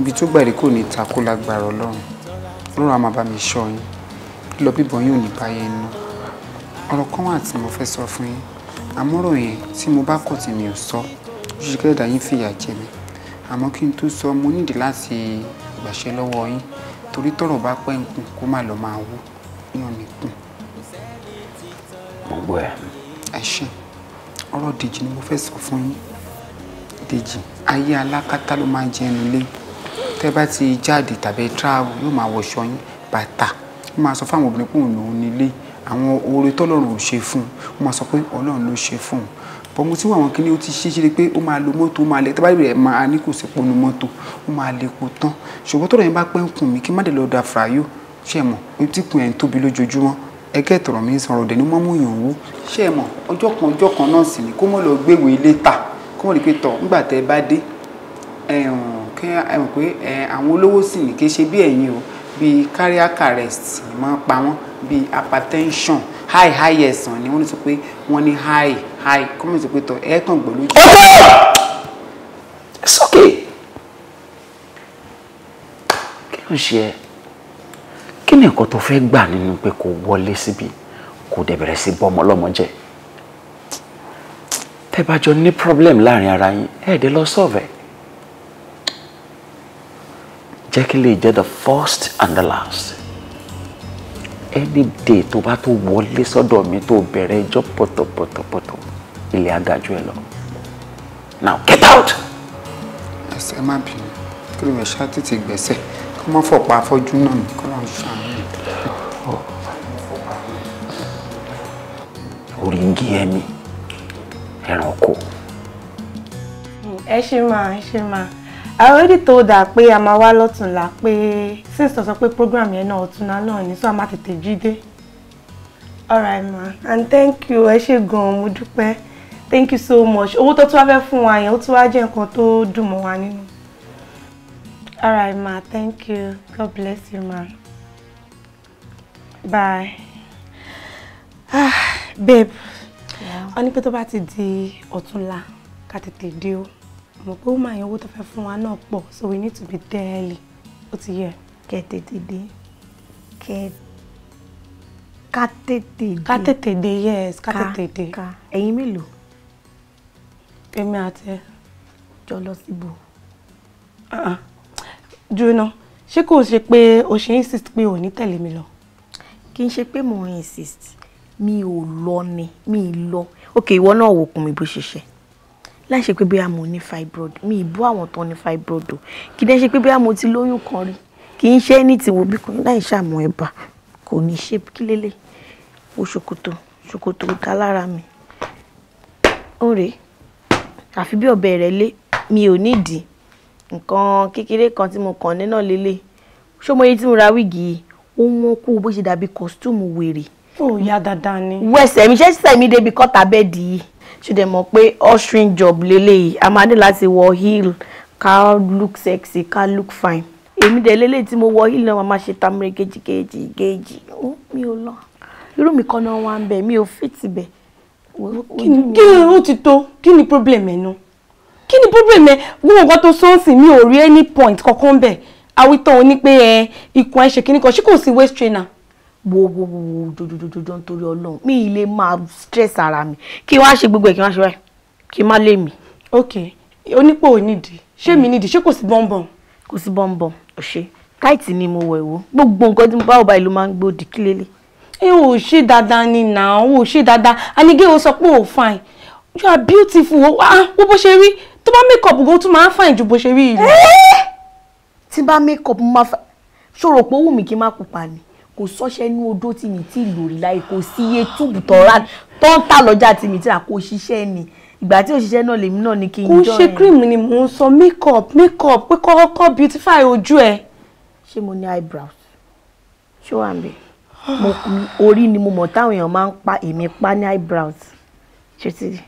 ibi tó gbàdé kò ní takó lágbára ọlọ́run ọlọ́run á máa bá mi ṣọ́ yín lọ bíbọn yóò ní báyé nù ọ̀rọ̀ kan wà tí mo fẹ́ sọ fún yín àmọ́rọ̀ yẹn tí mo bá kọ̀ tí mi ò sọ ṣíṣe kẹ́lẹ́dà yín fìyà jẹ mi àmọ́ kí n tó sọ mo nídìí láti gbàṣẹ lọ́wọ́ yín torí tọ́rọ̀ bá pẹ́ ń kùn kó má lọ máa wú yàn ní kùn. gbogbo ẹ. ẹ ṣe Dèjì ni mo fẹ́ sọ fún yín Dèjì ayé alákátá ló máa jẹ ẹnu lé tẹ́ bá ti jáde tàbí travel yóò máa wọṣọ yín bàtà wọ́n máa sọ fáwọn obìnrin pé òun lòun nílé àwọn oore tọ́lọ́run ò ṣe fún un wọ́n máa sọ pé ọlọ́run ló ṣe fún un bọ́mú tí wọ́n kí ni ó ti ṣe ṣe pé ó máa lo mọ́tò ó máa lẹ tó bá rẹ̀ máa ní kò sí ponu mọ́tò ó máa lè po tán ṣùgbọ́n tọ́lọ́ yẹn bá pẹ́ ń kùn mí kí má dé lọ da fàáyò ṣe mọ̀ tí kùn ẹ̀ ń tóbi lójoojúmọ́ ẹgẹ́ tọ̀rọ̀ mi sọ̀rọ̀ dẹ̀ ni wọ́n mú yàn wú ṣe mọ̀ ọjọ́ kan ọjọ́ kan náà sì ni kó mọ̀ lọ gbéwèé ilé ta kó mọ̀ rí pé tọ̀ ńgbà tẹ́ bá dé kẹ́ ẹ mọ̀ pé àwọn olówó sì ní kí bí ẹ̀yin o bíi cardiac arrest máa pa wọ́n bíi hypertension high high ẹ̀sán ni wọ́n ti sọ pé wọ́n ní high high kọ́mọ̀ ti pé tọ ẹ̀ kàn gbọ́ lójú. ọ̀tọ̀ it's okay kí ló ń ṣe ẹ́ kí ni nǹkan tó fẹ́ gbà nínú pé kò wọlé síbi kò dẹ̀ sí bọ́mọ ọlọ́mọ jẹ́ tẹ́ bá jọ ní problem láàrin ara yín ẹ̀ẹ́dẹ́ lọ sọ́ọ̀fẹ́ jẹ́ kí lè jẹ́ the first and the last any day tó bá tó wọlé sọ́dọ̀ mi tó bẹ̀rẹ̀ ẹjọ́ pọ̀tọ̀pọ̀tọ̀pọ̀tọ̀ ilé agájú ẹ lọ now get out. ẹsẹ̀ má bínú kí ló ń ṣá tètè gbẹ̀sẹ̀ kó má fọ̀pá afọ́jú náà mi kó lọ́n ṣá mi. orí ń gé ẹni ẹranko. ẹ ṣe máa ẹ ṣe máa. I already told her pé a máa wá lọ́tùnla pé sister sọ pé program yẹn náà ọ̀túnla náà ní so a máa tètè jí dé. alright ma and thank you ẹ ṣe gan-an mo dúpẹ́ thank you so much owó tó tún wá fẹ́ fún wa yẹn ó tún wá jẹ́ nǹkan tó dùn mọ́ wa nínú. alright ma thank you God bless you ma bye. ah babe wọ́n ní pé tó bá ti di ọ̀túnla ká tètè dé o mọ̀ pé ó máa yan owó tó fẹ́ fún wa náà pọ̀ so we need to be there early ó ti yẹ. kẹ tètè dé kẹ ká tètè dé ká tètè dé yes ká tètè dé ká ẹ̀yin mélòó. èmi àti ẹ. jọ lọ síbò. Ah, ah. dúró ná ṣé kò ṣe pé o ṣe insist pé o ní tẹ̀lé mi lọ. kì í ṣe pé mo insist mi ò lọ ni mi ì lọ ok ìwọ náà wò kún mi bó ṣe ṣe láì ṣe pé bí a mo ní fibroid mi ìbú àwọn tó ní fibroid o kì í dẹ́ ṣe pé bí a mo ti lóyún kan rí kì í ṣe ẹni tí wo bí kan láì ṣàmù ẹ̀bà kò ní ṣe kí lélẹ̀ wo ṣòkòtò ṣòkòtò ta lára mi òrè àfi bí ọ̀bẹ rẹ̀ lé mi ò nídìí nǹkan kékeré kan tí mo kàn ní náà lélẹ̀ ṣó mo yẹ tí mo ra wíìgì yìí ó wọ́n kú bó ṣe dàbí kọ́sítúmù wèrè. ó yá ni. wẹsẹ̀ mi ṣẹ́ṣẹ́ mi débi kọ́ta bẹ́ẹ̀ dì í ṣùdẹ̀ mọ̀ pé ushering job lélẹ́yìí a máa ní láti wọ heel ká look sexy ká look fine èmi dẹ̀ lélẹ́yìí tí mo wọ heel náà máa ṣe tamire kejì kejì kejì mi ò lọ irú mi kan náà wà ń bẹ̀ mi ò fit bẹ̀. kí ni ó ti tó kí ni problem ẹ̀ náà kí ni problem ẹ̀ gbogbo nǹkan tó sọ́ọ̀sì mi ò rí any point kankan bẹ̀ awítọ́ ò ní pé ikùn ẹ̀ ṣe kíní kan ṣé kò sí waist trainer wo wo wo wo jojojojo nítorí Ọlọ́run mi ì lè máa stress ara mi kí wá ṣe gbogbo ẹ̀ kí wá ṣe báyìí kí má lè mí. ok onípò ò nídìí ṣé mi mm. nídìí ṣé kò sí bọ́ǹbọ̀n. kò sí bọ́ǹbọ̀n ò ṣe káìtì ni mo wọ̀ ẹ̀wọ̀ gbogbo nǹkan tí mo bá ọba ìlú máa ń gbòdì kí lélẹ̀. ẹ ò ṣe dáadáa ni nà ó ò ṣe dáadáa anigé o sọ pé ò fine you are beautiful ah, ah wo bó ṣe rí tó bá make up go tún máa ń fine ju bó ṣe rí ìlú. tí bá make up mo máa fa ṣòro pé ó wù mí kí má pupa ni kò sọ́ṣẹ́ inú odó tí mi ti lò rí láì kò sí iye túbù tọ́ra tó ń tà lọ́jà tí mi ti rà kò ṣiṣẹ́ ni ìgbà tí òṣìṣẹ́ náà lèmi náà ni kí n jọ ẹ̀. kò ṣe cream ni mò ń sọ makeup makeup pé kọ́kọ́ beautify ojú ẹ̀. ṣé mo ní eyebrows ṣé wà mí orí ni mo mọ̀ táwọn èèyàn máa ń pa èmi pa ní eyebrows ṣe ti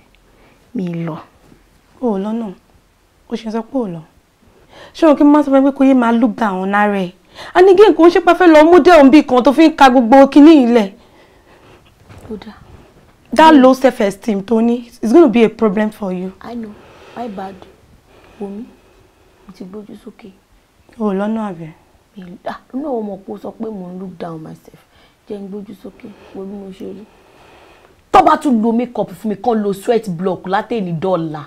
mi lọ. o ò lọ náà o ṣe sọ pé o lọ ṣé o kí n má sọ fún ẹ pé kò yé máa look down on ẹ a ní gé nǹkan ṣe pé fẹ́ lọ mú dé òǹbí kan tó fi ń ka gbogbo kinní ilẹ̀. that low self esteem tó ní is gonna be a problem for you. i know my bad omi mo ti gbójú sókè. o lọ́nà àbẹ̀. inú àwọn ọmọ kò sọ pé mò ń look down myself jẹ́ ń gbójú sókè wo bí mo ṣe rí. tó bá tún lo makeup fún mi kán lo sweat block látẹ̀lí dọ́là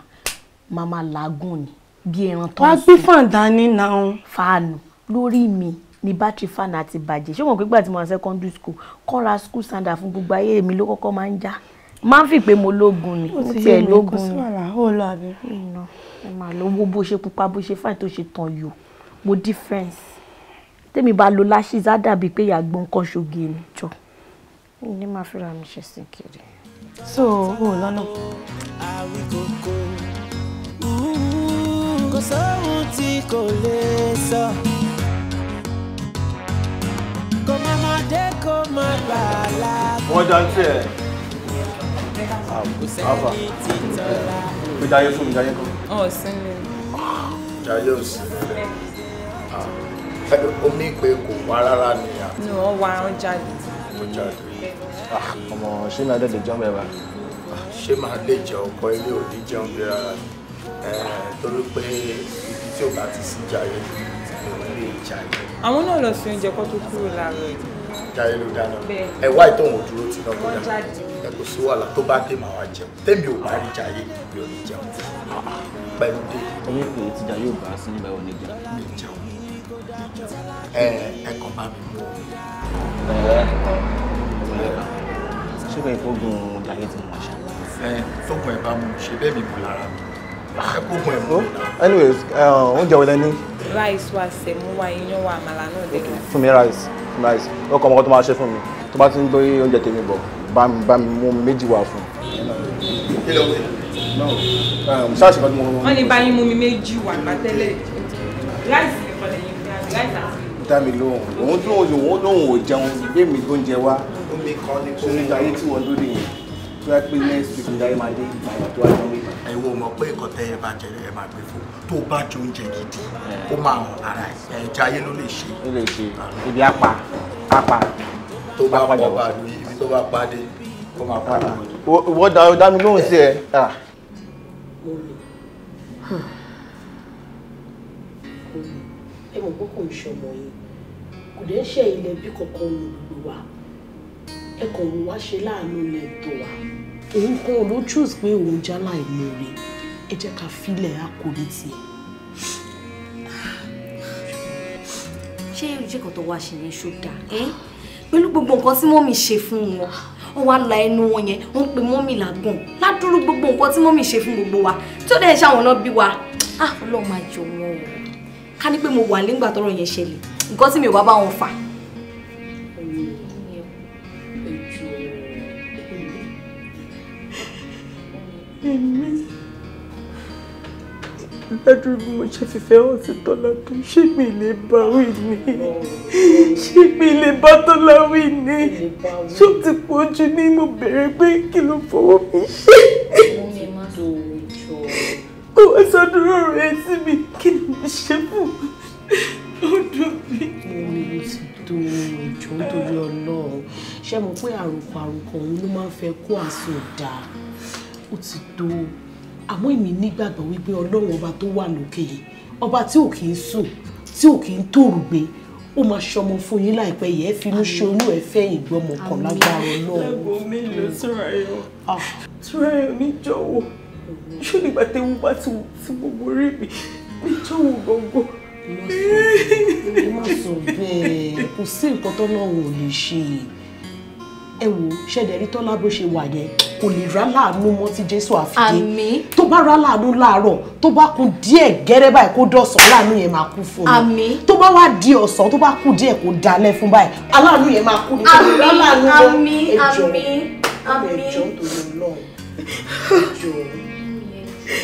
màmá làágùn ni bí ẹran tó ń sùn. wá gbé fàǹdà ní náà. fàánù lórí mi ni battery fan àti bàjẹ́ ṣé wọn pé gbà tí mo wà secondary school kọ́ra school standard fún gbogbo ayé mi ló kọ́kọ́ máa ń já máa ń fi pé mo lógun ni mo tiẹ̀ lógun ni ó lọ bó ṣe pupa bó ṣe fáìn tó ṣe tàn yò mo difference tèmi bá lo lashes á dàbí pé ìyàgbọ́n nǹkan ṣoge ni jọ ní máa fi ra mi ṣe sí kiri. so o lọ́nà. kò sóhun tí kò lè sọ. So wọ́n já ń tẹ̀ ẹ́ àbá pé jáyé fún mi jáyé kan. ọ̀ sílẹ̀. jáyé ò sí fẹ́ẹ́ ah. o ní pé kò wá rárá nìyà. nù ọ wá ọ jáde. ó jáde ah, ọmọ ṣé máa dẹ̀ lè jẹun bẹ́ẹ̀ bá. Ah, ṣé máa lè jẹ ọkọ ilé òdí jẹun bí rárá torí pé ibi tí ò bá ti sí jáyé nìyà àwọn náà lọ sí oúnjẹ kó tó kúrò láàárọ̀ yìí. jáde ló dáná ẹwà ìtọ̀hún òdúró ti náà kó dáná ẹ kò sí wàhálà tó bá dé màá wá jẹun tẹ́mi ò bá rí jayé mi ò ní jẹun pẹ̀lú dé. oyún pé tí jayé ò bá sí nígbà wo ni jẹun. mi jẹun ẹ ẹ kàn bá mi mú omi. ẹ ẹ ṣé kò yẹ kó gun jayé ti mú àṣà. ẹ tó gun ẹ bá mú ṣe bẹ́ẹ̀ mi mú lára mi ẹkùnkùn hmm? ẹ̀kọ́. anyways um, oúnjẹ wo lẹ ní. rice wa sẹ̀mú wa iyán wa àmàlà náà dé. fún mi rice fún mi rice ó kọ́ ọmọ kan tó máa ṣe fún mi tó bá ti ń dórí oúnjẹ tèmi bọ̀ bá mi bá mi mú méjì wá fún. kí ló wẹ̀ um, ṣáàṣì kan tó mọ wọn. wọ́n lè bá yín mú mi méjì wá gbàtẹ́lẹ̀ rice nìkan lè yín fi rice àti dá mi lóhùn òun tó òun òun lóhùn ò jẹun gbẹmí tó ń jẹ wá omi kan ní kó nígbà ayé tí wọn lórí yẹn tó yá pé next week nígbà ayé máa dé ìgbà tó wà lórí ẹ̀wọ̀ mọ̀ pé nǹkan tẹ́ ẹ bá jẹ ẹ máa gbé fún tó bá jẹ oúnjẹ gidi ó máa hàn lára ẹ̀ ẹ̀jẹ̀ ayé ló lè ṣe. ló lè ṣe ibi apá apá. tó bá pọ̀ bá lu ibi tó bá pàdé ó máa pàdé. ìwọ dá mi lóhùn sí ẹ. ẹ mọ̀ pé kò ń ṣọmọ yìí kò dé ṣe ilẹ̀ bí kankan olùgbò wa ẹ kàn wá ṣe láàánú ilẹ̀ tó wa òun kan ló choose pé òun jálá ìmoore ẹ jẹ́ ká filẹ̀ akọni tiẹ̀. ṣé ìrìjẹ́ kan tó wá ṣe yẹn ṣó dáa pẹ̀lú gbogbo nǹkan tí mọ́mì ṣe fún wọn ó wá la ẹnu wọn yẹn ó ń pe mọ́mì lágùn ládùúrú gbogbo nǹkan tí mọ́mì ṣe fún gbogbo wa tí ó dẹ̀ ṣe àwọn náà bí wa ah, ọlọ́run máa jọ wọn o ká ní pé mo wà nígbà tọ́rọ̀ yẹn ṣẹlẹ̀ nǹkan tí mi ò bá bá wọn fà èmi ìgbádùn bí mo ṣe fìfẹ́ hàn sí tọ́ládún ṣé mi lè bá wí ni ṣé mi lè bá tọ́lá wí ni ṣó ti pọ̀ jù ní mo bẹ̀rẹ̀ pé kí ló fọwọ́ mi ṣe. kó wá sọdúró rẹ sí mi kí ni mo ṣe fún ọdún mi. mo ti tó ìjọ nítorí ọlọ́ọ̀ ṣé mo pé àròkọ àròkọ òun ló máa ń fẹ́ kó àsùn dáa ó ti tó àmọ́ èmi nígbàgbọ́ wípé ọlọ́run ọba tó wà lókè yìí ọba tí ò kì í sùn tí ò kì í tòrò gbé ó máa ṣọmọ fún yín láìpẹ́ yẹ ẹ finú ṣoyún ẹ fẹ́yìn gbọ́mọ kan lágbára náà. lágbo mélòó túnráyọ túnráyọ ah. níjọ̀wọ́ ṣó nígbà tẹwọ bá ti wù tí gbogbo rí mi níjọ̀wọ́ gbogbo. má sọ bẹ́ẹ̀ kò sí nǹkan tọ́lọ́run ò lè ṣe ẹ wò ṣẹ̀dẹ̀rí tọ́lá bó ṣe wà yẹn kò lè rà láàánú mọ́ tí jésù àfìdé àmín tó bá rà láàánú láàárọ̀ tó bá kù díẹ̀ gẹ́rẹ́ báyìí kó dọ̀sán láàánú yẹn máa kú fún mi tó bá wá di ọ̀sán tó bá kù díẹ̀ kó dalẹ̀ fún báyìí aláàánú yẹn máa kú ní kí rà láàánú mọ́ ẹjọ́ ẹjọ́ nítorí ọlọ́run ẹjọ́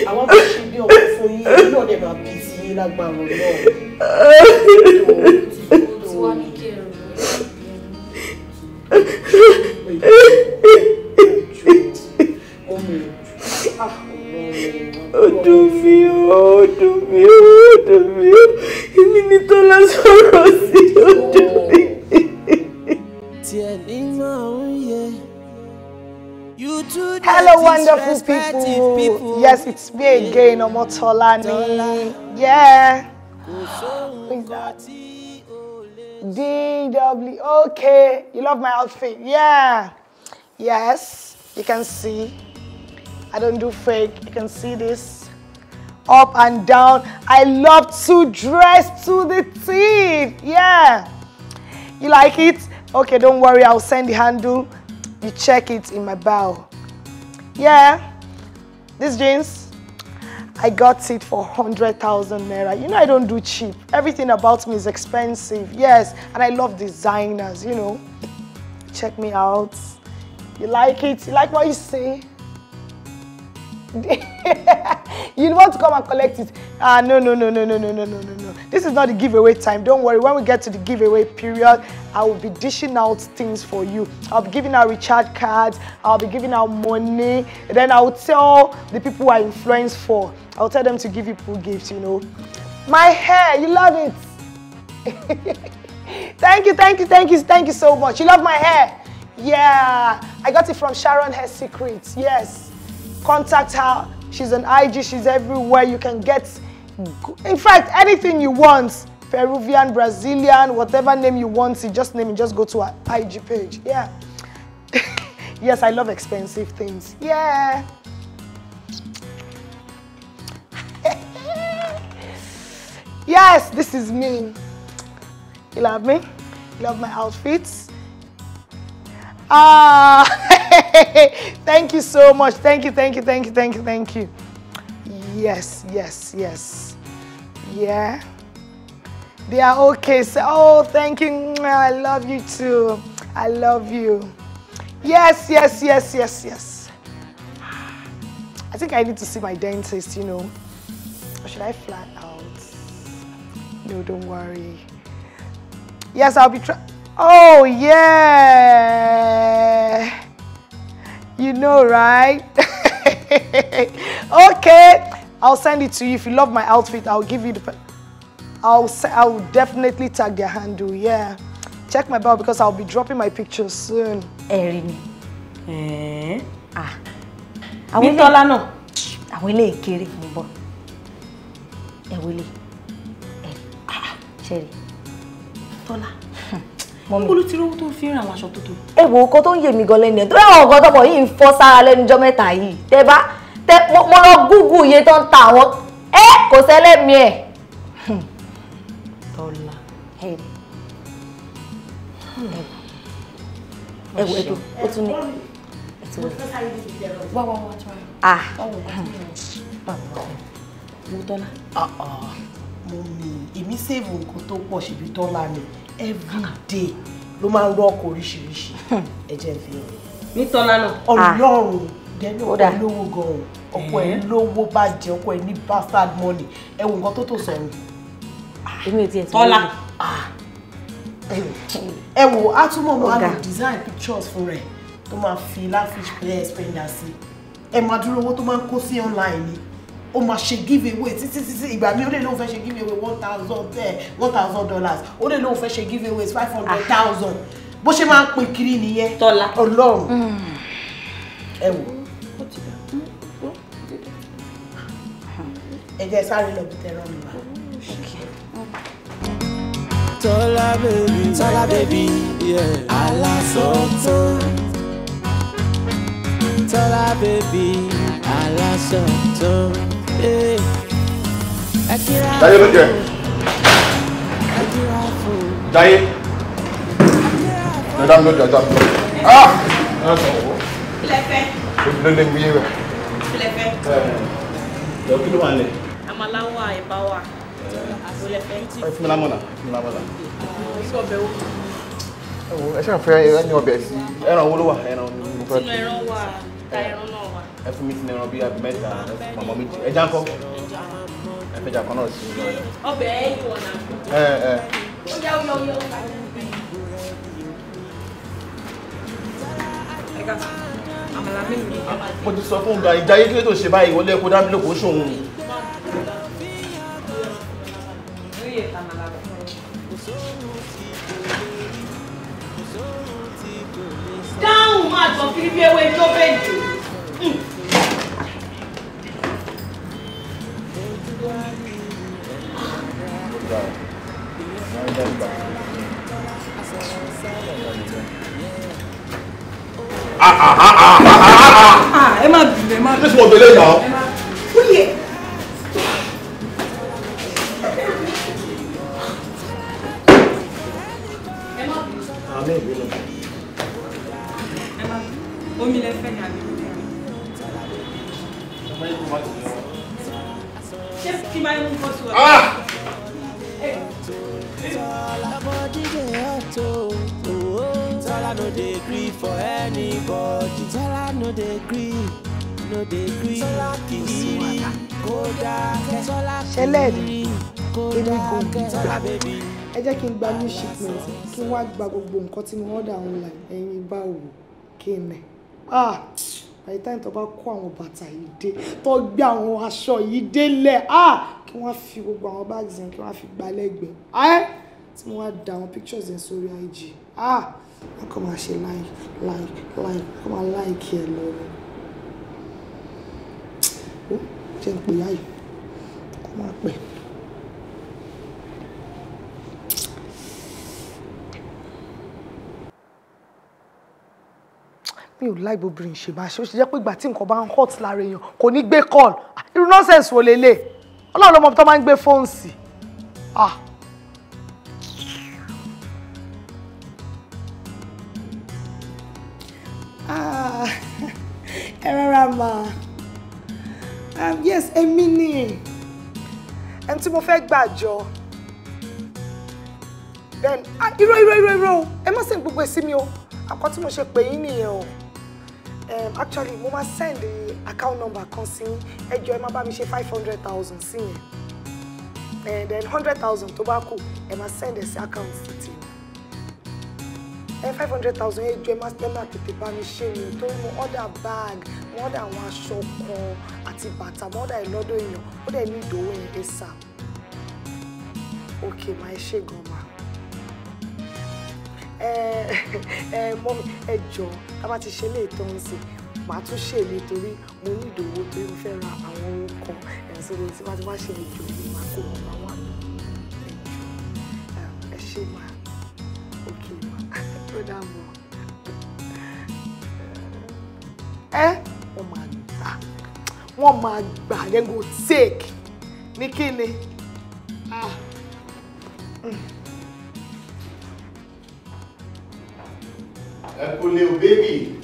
àwọn bá ṣe bí ọkọ fún yín inú ọ̀dẹ̀ máa bí ti yín lágbára ọlọ́run. Thank you. wonderful people. people. Yes, it's me again, Omotolani. Yeah. DW. Okay, you love my outfit. Yeah. Yes, you can see. I don't do fake. You can see this. Up and down. I love to dress to the teeth. Yeah. You like it? Okay, don't worry. I'll send the handle. You check it in my bow. Yeah, these jeans, I got it for 100,000 naira. You know I don't do cheap. Everything about me is expensive, yes. And I love designers, you know. Check me out. You like it? You like what you see? you want to come and collect it. Ah, no, no, no, no, no, no, no, no, no, no. This is not the giveaway time. Don't worry. When we get to the giveaway period, I will be dishing out things for you. I'll be giving out recharge cards. I'll be giving out money. then I'll tell the people I influence for. I'll tell them to give people gifts, you know. My hair, you love it. thank you, thank you, thank you, thank you so much. You love my hair? Yeah, I got it from Sharon Hair Secrets. Yes. Contact her. She's on IG. She's everywhere. You can get, in fact, anything you want. Peruvian, Brazilian, whatever name you want, see, just name it. Just go to her IG page. Yeah. yes, I love expensive things. Yeah. yes, this is me. You love me? You love my outfits? Ah. thank you so much. Thank you, thank you, thank you, thank you, thank you. Yes, yes, yes. Yeah. They are okay. So, oh, thank you. I love you too. I love you. Yes, yes, yes, yes, yes. I think I need to see my dentist, you know. Or should I flat out? No, don't worry. Yes, I'll be trying. Oh, yeah. You know, right? okay, I'll send it to you. If you love my outfit, I'll give you the... I'll, I'll definitely tag their handle, yeah. Check my bell because I'll be dropping my pictures soon. Erin. Eh? Ah. Àwọn no. ọlá náà. Àwọn ilé ìkéré Eh bọ̀. Ẹ ah ṣẹ́rí. Tola mọ́mí. níbo ló ti rówó tó fi ń ra àwọn aṣọ tuntun. ẹ wo nǹkan tó ń yè mí gan lẹ́nu ẹ̀ tó láwọn nǹkan tọmọ yìí ń fọ́ sára lẹ́nujọ́ mẹ́ta yìí tẹ bá tẹ mo lọ gúgù iye tó ń ta àwọn ẹ kò sẹ́lẹ̀mí ẹ̀. Hmm. tọ́lá ẹ ẹ ó tún ní. wá wá wá tí wọ́n. ah wo tọ́lá. mo ní èmi sèvù nǹkan tó pọ̀ síbi tọ́lá ni every day ló máa ń rọ́ọ̀kọ̀ oríṣiríṣi hmm. ẹ̀jẹ̀ ń fi hàn. ní tọ́lá náà. ọlọ́run dẹ́nu ọkọ lówó gan-an ọkọ ẹ̀ lówó bàjẹ́ ọkọ ẹ̀ ní bastard money ẹ wo nǹkan tó tó sọ̀rọ̀. èmi ò tiẹ̀ tí wọ́n lè. tọ́lá ah. ẹ wo atúmọ̀ mọ́ àlọ́ design pictures fún rẹ̀ tó máa fi lavish player spender sí ẹ máa dúró owó tó máa ń kó sí online ni ó máa ṣe give away títí títí ìgbà mi ó lè lóun fẹ́ ṣe give away one thousand ten eh, one thousand dollars ó lè lóun fẹ́ ṣe give away five hundred ah. thousand bó ṣe máa ń pin kiri nìyẹn tọ́lá ọlọ́run hmm. ẹ wò ẹ jẹ́ sáré lọ bí tẹ́rọ mi wá. tọ́lá bèbí tọ́lá bèbí alásọ̀tọ̀ tọ́lá bèbí alásọ̀tọ̀. Jaiye eh. ló jẹ. Jaiye. Jẹ dámi ló jẹ dámi ló. Ah! Ló lé gbé rẹ̀. Kílẹ̀ Jọ eh. kí ló wà lẹ̀? Àmàlà wà, ẹ̀bà wà. Àbúlẹ̀ fẹ́. Ẹ fún mi lámọ̀nà, ọbẹ̀ wo? Ẹ ṣe àfihàn ẹran ní ọbẹ̀ sí. Ẹran wo ló wà? Ẹran wo Tinú ẹran wà, ta ẹran náà wà ẹ fún mi ti nìran bíi àbí mẹ́ta ẹ fún màmá méjì ẹja ńkọ́ ẹ kan náà sí i ọbẹ̀ ẹ yìí wọ̀ ó yá ó yá ó mo ti sọ fún ga ìjà ayékèké tó ṣe báyìí wọlé ẹkọ dábìlẹ kò ṣòun. dáhùn máa tọ́ fífi ewé tó bẹ́ẹ̀ jù. Ah, ah, ah, ẹ má bìbẹ̀ má bìbẹ̀. ẹ má bìbẹ̀ náà. ẹ jẹ́ kí n gba new shipment kí n wá gba gbogbo nǹkan tí mo order online ẹ̀yin bá wò kí n mẹ́ ah by the time tó bá kó àwọn bàtà yìí dé tó gbé àwọn aṣọ yìí délẹ̀ ah kí wọ́n fi gbogbo àwọn bags yẹn kí wọ́n fi gbà lẹ́gbẹ̀ẹ́ ẹ́ tí mo wá da àwọn pictures yẹn sórí IG ah wọ́n kàn máa ṣe like like like wọ́n máa like ẹ̀ lọ́rọ̀ ó jẹ́ ń pè yáyì kó máa pẹ̀. mi ò láì bóbìnrin ṣe máa ṣe ó ṣe jẹ́ pé ìgbà tí nǹkan bá ń hot lára èèyàn kò ní gbé call ah, irú nonsense wo lélẹ̀ ọlọ́run lọmọ tó máa ń gbé fóònù ah. ah ẹ rárá máa um, yes èmi ni ẹni tí mo fẹ́ gbàjọ then ah, irọ́ irọ́ irọ́ irọ́ ẹ má ṣe gbogbo èsì mi o àkọ́ mo ṣe pè yín nìyẹn o um, actually mo máa send account number kan sí ẹ jọ̀ọ́ ẹ she five hundred thousand sí And then hundred thousand tó bá kù ẹ send ẹ sí to títì And five hundred thousand ẹ jọ̀ọ́ ẹ that to buy me mi ṣe mi torí mo bag mo order one shop kan àti bàtà mo order ẹ lọ́dọ̀ èèyàn ó dẹ̀ ní ìdòwò yẹn dé sáà ok máa ṣe ẹ mọ́mí ẹ jọ ká bá ti ṣe lè tán sí màá tún ṣe èlé torí mo ní ìdòwò pé mo fẹ́ ra àwọn ohun kan ẹ̀sọ́rọ̀ tí wọ́n ti wá ṣe ìjọ ní màá kó wọn bá ẹ ṣe máa òkè máa tó dààmú ẹ wọ́n máa gbà wọ́n máa gbà then go take ní kíni. Mm. little baby,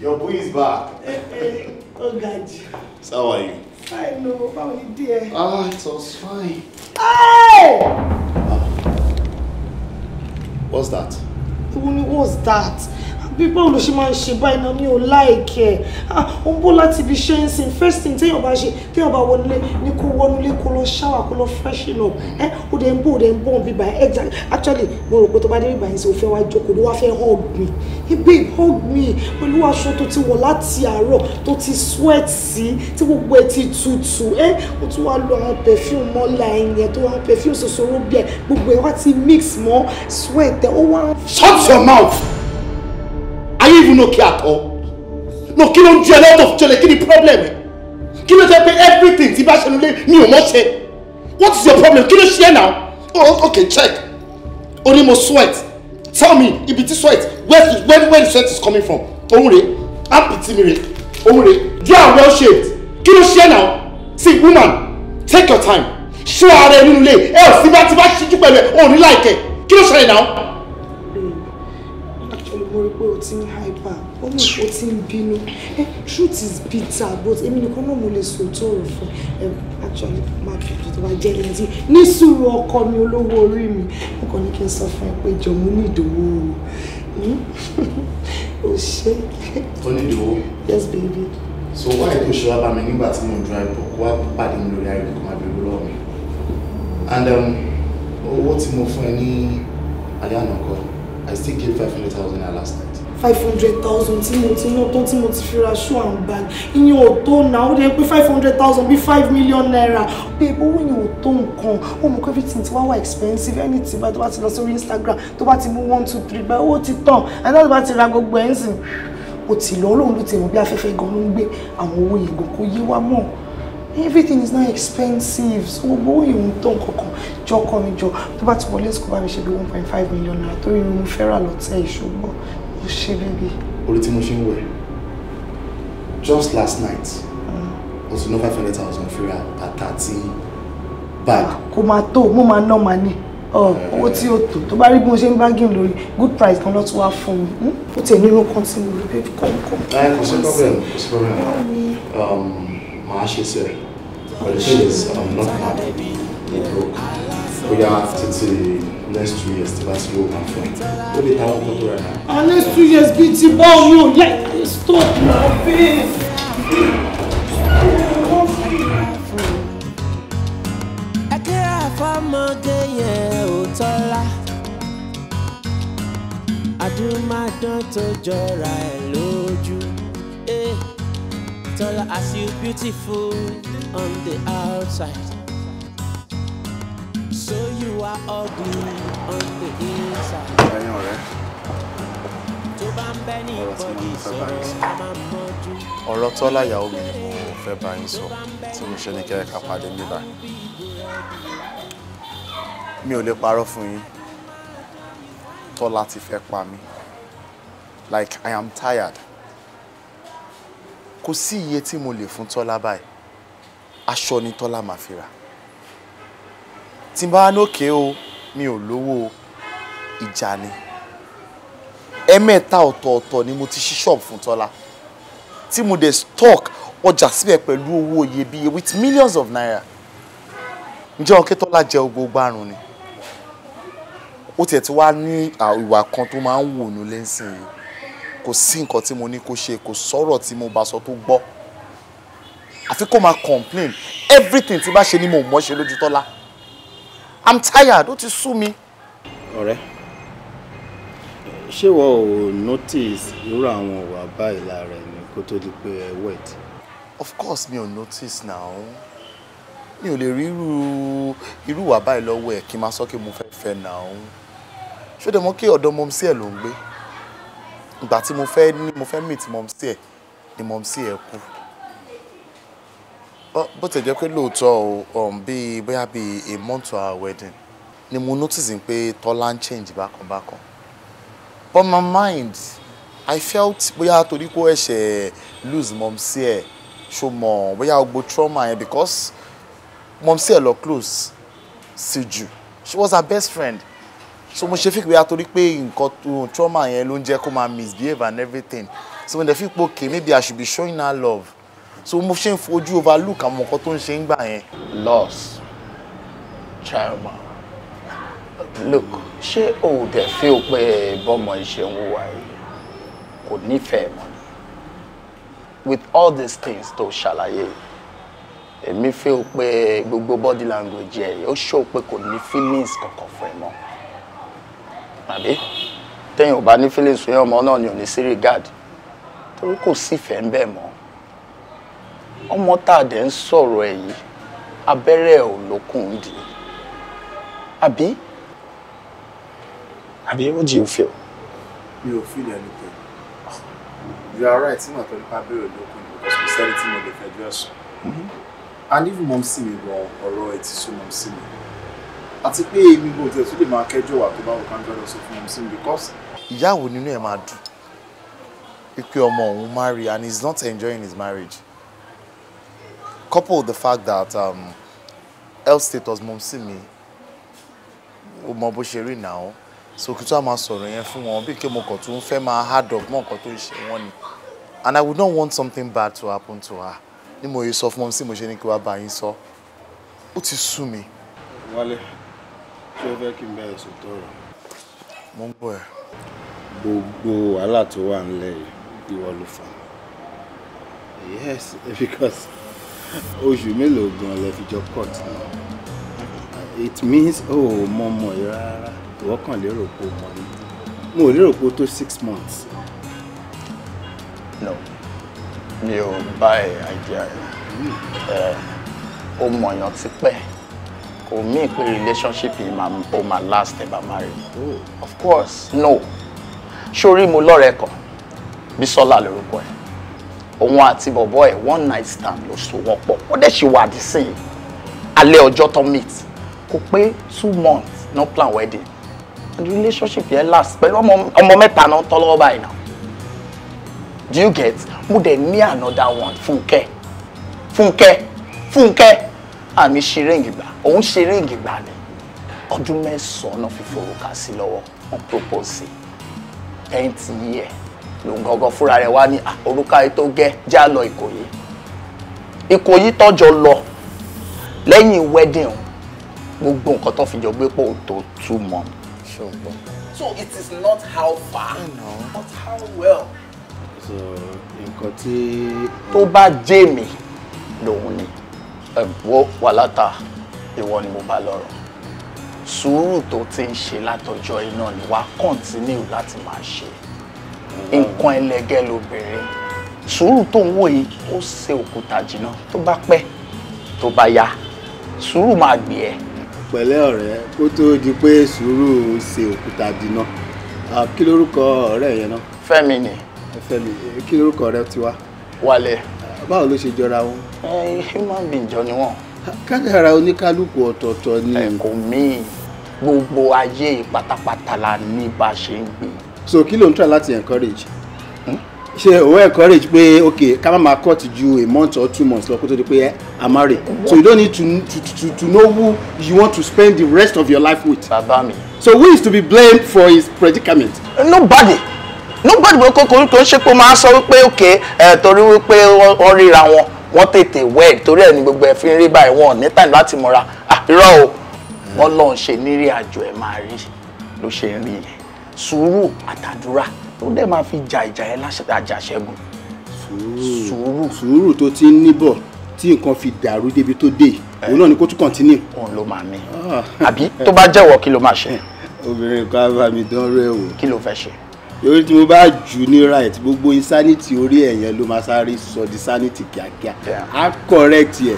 your boy is back. Hey, hey. Oh, God. So how are you? Fine, no. How are you, dear? Ah, it was fine. Hey! Ah. What's that? What's that? bí báwo ló ṣe máa ń ṣe báyìí náà mi ò láìkẹ́ ẹ̀ ah, ó ń bó láti ibi ṣe ń sìn first thing téèyàn bá ṣe téèyàn bá wọlé ní kó wọnúlé kó lọ ṣáwà kó lọ freshen up ẹ eh, ó dẹ̀ ń bó ó dẹ̀ ń bọ̀ ń bíbá exactly actually mo rò pé tó bá dé bíbá yẹn sì ó fẹ́ wá jókòó ló wá fẹ́ hug me hey babe hug me pẹ̀lú aṣọ tó ti wọ̀ láti àárọ̀ tó ti sweat sí tí gbogbo ẹ ti tutù ẹ eh, ó tún wá lo àwọn perfume mọ́lá ẹ̀yẹn tó àwọn perfume ṣoṣoro bí ẹ gbogbo ẹ wá ti mix mọ́ sweat ẹ ó wá. shut your mouth no care at all no kí ló ń ju ẹ lọ́dọ̀ jọlẹ̀ kí ni problem ẹ kí ló jẹ́ everything ti bá ṣe nílé mi ò mọ̀ what is your problem kí ló ṣe now oh okay check o ní mo sweat tell me if it is sweat where is where where the sweat is coming from òun rè apiti mi rè òun rè they are well shaped kí ló ṣe now see woman take your time Show ara ẹ nínú ilé ẹ ò sí bá ti bá ṣíjú pẹ̀lú ẹ òun ní láìkẹ́ kí ló now mo rí pé o ti ń hyper ó mọ̀ o ti ń bínú eh, truth is bitter but èmi nìkan náà mo lè sòótọ́ ọ̀rọ̀ fún ẹ eh, actually máa bẹ̀rẹ̀ tó bá jẹ́ ẹni tí ní sùúrù ọkọ mi olówó orí mi mo kàn ní kí n sọ fún ẹ pé jọ̀mú ní ìdòwò o hmm? ṣe. ó ní ìdòwò. yes baby. so why kò ṣe wá bá mi nígbà tí mo ń drive bọ̀ kó wá pàdé mi lórí ayélujára kó máa bèrè lọ́wọ́ mi and um, owó tí mo fún ẹ ní alẹ́ àná kan. I still gave five hundred thousand naira last night. five hundred thousand tí mo ti ná tó tí mo ti fi ra shoe and bag ìyẹn ò tó náà ó dẹ̀ pé five hundred thousand bí five million naira. babe owó yẹn ò tó nǹkan ó mọ̀ everything ti wá wá expensive anything báyìí tó bá ti lọ sórí Instagram tó bá ti mú one two three báyìí owó ti tàn àti láti bá ti ra gbogbo ẹ̀ ń sìn ó ti lọ Ọlọ́run ló ti mọ̀ bí afẹ́fẹ́ gan ló ń gbé àwọn owó yẹn gan kó yé wa mọ́ everything is now expensive so gbogbo owó yìí ń tó nǹkankan jọ kọ́ mi jọ tó bá ti wọlé sùkúl mi ṣe bí one point five million naira torí mo fẹ́ rà lọ́tẹ̀ ìṣùgbọ́n mo ṣe bíbí. orí tí mo ṣe ń wẹ̀ just last night mm. mo ti ná five hundred thousand fi ra bàtà tí bag. kò máa tó mo máa ná màá ní eh. owó tí ó tó tó bá rí bí mo ṣe ń bargain lórí good price kan lọ́tún wá fún mi hmm? ó tẹ̀ nínú kan tí mo rí bẹ́ẹ̀ kọ́ kọ́. ẹ kò sí problem kò sí problem màá ṣe sẹ́ẹ̀ condition is um, not happy ní broke bóyá títí next two years tí láti yóò wà fún ẹ ó lè táwọn kó tó rẹ náà. our ah, next two years be ti bọ́ọ̀ mi ò yẹ stop na babe. ẹgbẹ́ àfọmọdé yẹn ò tọ́lá àdúmọ̀dán tó jọra ẹ̀ tall as you, beautiful on the outside. So you are ugly on the inside. Ẹ̀yin ọ̀rẹ́. Tó bá ń bẹ́ ní ìbọ̀dì sọ̀rọ̀, a máa ń mọ́jú. Ọ̀rọ̀ Tọ́lá ìyàwó mi ni mo fẹ́ bá yín sọ tí mo ṣe ní kẹ́ ẹ ká pàdé níbà. Mi ò lè parọ́ fún yín. Tọ́lá ti fẹ́ pa mí. Like I am tired kò sí iye tí mo lè fún tọ́lá báyìí aṣọ ni tọ́lá máa fi rà tí n bá nókè o mi ò lówó ìjà ni ẹ̀mẹ́ta ọ̀tọ̀ọ̀tọ̀ ni mo ti ṣí ṣọ́ọ̀bù fún tọ́lá tí mo dẹ̀ stock ọjà síbẹ̀ pẹ̀lú owó iyebíye with millions of naira ǹjẹ́ ọ̀kẹ́ tọ́lá jẹ́ gbogbo àrùn ni ó tiẹ̀ ti wá ní ìwà kan tó máa ń wò ní lẹ́sìn yìí kò sí nǹkan tí mo ní kó ṣe kò sọ̀rọ̀ tí mo bá sọ tó gbọ́ àfi kó máa complain everything tí bá ṣe ni mo mọ̀ ṣe lójú tọ́lá i'm tired ó ti sú mi. ọ̀rẹ́ ṣé wọ́n ò notice irú àwọn ìwà báyìí lára ẹni kó tó di pé ẹ wet. of course mi ò notice now mi ò lè rí irú irú ìwà báyìí lọ́wọ́ ẹ̀ kí n máa sọ pé mo fẹ́ fẹ́ now ṣó dẹ̀ mọ́ kí ọ̀dọ́ mọ́mísí ẹ̀ ló ń gbé ìgbà tí mo fẹ́ ní mo fẹ́ meet mọ̀mísí ẹ̀ ni mọ̀mísí ẹ̀ kú bó tẹ̀ jẹ́ pé lóòótọ́ o um, bíi bóyá bíi a month to our wedding ni mo notice pé Tọ́lá ń change bákan bákan but my mind I felt bóyá torí kó ẹ̀ṣẹ̀ lose mọ̀mísí ẹ̀ ṣó mọ̀ bóyá gbogbo trauma yẹn because mọ̀mísí ẹ̀ lọ close sí jù she was her best friend so mo ṣe fi pé atorí pé nǹkan trauma yẹn ló ń jẹ́ kó máa misbehave and everything so mo dẹ̀ fi pé okay maybe I should be showing her love so mo ṣe ń fojú overlook àwọn nǹkan tó ń ṣe ń gbà yẹn. loss trauma look ṣé o ò dẹ̀ fi o pé bọ́mọ ìṣẹ̀ ń wúwa yìí kò nífẹ̀ẹ́ mọ́ with all these things tó ṣàlàyé èmi fi o pé gbogbo body language ẹ̀ ó ṣó pé kò ní feelings kankan fún ẹ mọ́ àbí téèyàn ò bá ní feelings fún ọmọ náà ni ò ní sí regard torí kò sífẹ̀ẹ́ ń bẹ̀ mọ́ ọmọ tá a dẹ̀ ń sọ̀rọ̀ ẹ̀ yìí abẹ́rẹ́ ò lókùn ń di àbí. àbí what do you feel? mi ò feel anything you are right nígbà tó ní ká bẹ̀rẹ̀ lókùn ní because kò sẹ́ni tí mo lè fẹjọ́ ẹ̀sùn mm-hmm. and if mọ̀ sí mi gan ọ̀rọ̀ ẹ̀ ti sún mọ̀ sí mi àti pé èmi gbọ́dọ̀ tẹ̀ tó lè máa kẹ́jọ́ wà tó bá wọ káńtà lọ sọ fún mc because. ìyáwó nínú ẹ̀ máa dùn pípé ọmọ òun marry and he is not enjoying his marriage couple the fact that um, health status mọ̀ sí mi ó mọ bó ṣe rí náà so kí tó a máa sọ̀rọ̀ yẹn fún wọn bí kí mo kàn tó ń fẹ́ máa hard up mọ́ nǹkan tó ń ṣe wọ́n ni and I would not want something bad to happen to her ni mo yẹ sọ fún wọn sí mo ṣe ní kí wàá bá yín sọ ó ti sú mi. wálé ṣé o fẹ́ kí n bẹ̀rẹ̀ sòtọ́ ọ̀rọ̀. mo ń bọ̀ ẹ́. gbogbo wàhálà tó wà nílẹ̀ yìí ìwọ ló fà yes because oṣù mélòó gan-an lè fi jọ cut. náà it means o ò mọ ọmọ yìí rárá ìwọ kàn lérò pé o mọ ni mo ò lérò pé o tó six months. no mi ò bá ẹ̀ àjẹ́ rẹ̀ ó hmm. mọ̀yàn ti pẹ́ kò mean pé relationship in my ó my last ever marriage. marry of course no sórí mo lọ́rẹ̀ẹ́ kan Bísọ́lá lórúkọ ẹ̀ òun àti bọ̀bọ́ ẹ̀ one night stand ló so wọ́n pọ̀ ó dẹ̀ ṣe wà dísìn alẹ́ ọjọ́ tó meet kò pé two months no plan wedding and relationship here last pẹ̀lú ọmọ mẹ́ta náà tọ́ lọ́wọ́ báyìí náà do you get mo dẹ̀ ní another one Funke, Funke, Funke, àmì ṣe ríǹgì òun ṣe ríìgì gbà ní ọdún mẹ́sàn-án náà fi forúkà sí lọ́wọ́ on propose tẹ́ǹtì yìí ẹ̀ lòun gangan fúnra rẹ̀ wá ní orúkà yìí tó gẹ́ já lọ ìkòyí ìkòyí tọ́jọ lọ lẹ́yìn wedding gbogbo nǹkan tó fi jọ gbé pọ̀ tó two months. so it is not how far no. but how well. so nǹkan tí. tó bá jẹ́ mi lòun ni ẹ̀bùn wà látà ìwọ ni mo bá lọ́rọ̀ sùúrù tó ti ń ṣe látọjọ́ iná ni wàá kọ́ńtínú láti máa ṣe nǹkan ẹlẹgẹ́ lóbìnrin sùúrù tó ń wò yìí ó ṣe òkúta jìnnà tó bá pẹ́ tó bá yá sùúrù máa gbé ẹ. pẹ̀lẹ́ ọ̀rẹ́ kó tóó di pé sùúrù ṣe òkúta jìnnà kí lórúkọ ọ̀rẹ́ yẹn náà. fẹ́mi ni. fẹ́mi kí lórúkọ ọ̀rẹ́ tiwa. wálé. báwo ló ṣe jọra wọn. ẹ human being jọ ni wọn kádàrá oníkálukú ọ̀tọ̀ọ̀tọ̀ ni. ẹ̀kọ́ míì gbogbo ayé pátápátá la ní bá ṣe ń gbé. so kí ló ń try láti encourage ṣe òun encourage pé ok ká má máa cut ju a month or two months lọ kó tó di pé i'm married so you don't need to, to to to know who you want to spend the rest of your life with. bàbá mi. so who is to be blamed for his predicament. nobody nobody kò kò ń ṣe pé ó máa sọ wípé ok ẹ̀ torí wípé wọ́n ríra wọn wọ́n tètè wed torí ẹ̀ ní gbogbo ẹ̀fín rí báyìí wọn ní time láti mọ̀ra àpérò ah, o wọ́n lọ́n ṣe nírìn àjò ẹ̀ máa rí ló ṣe ń rí yẹn sùúrù àtàdúrà ló dẹ̀ máa fi jà ìjà ẹ̀ láṣẹ àjàṣẹ́gun sùúrù sùúrù tó ti ń níbọ̀ tí nǹkan fi dàrú débi tó dé eh. òun náà ni kó tún kọ̀ntínú. òun ló máa ní ah. àbí tó bá jẹ́wọ́ kí ló máa ṣe. obìnrin kan bá mi dánrẹ́ o. kí ló fẹ́ ṣe lórí tí mo bá jù ní right gbogbo insanity orí ẹ̀yẹn ló máa sáré sọ di sanity kíákíá á correct yẹ.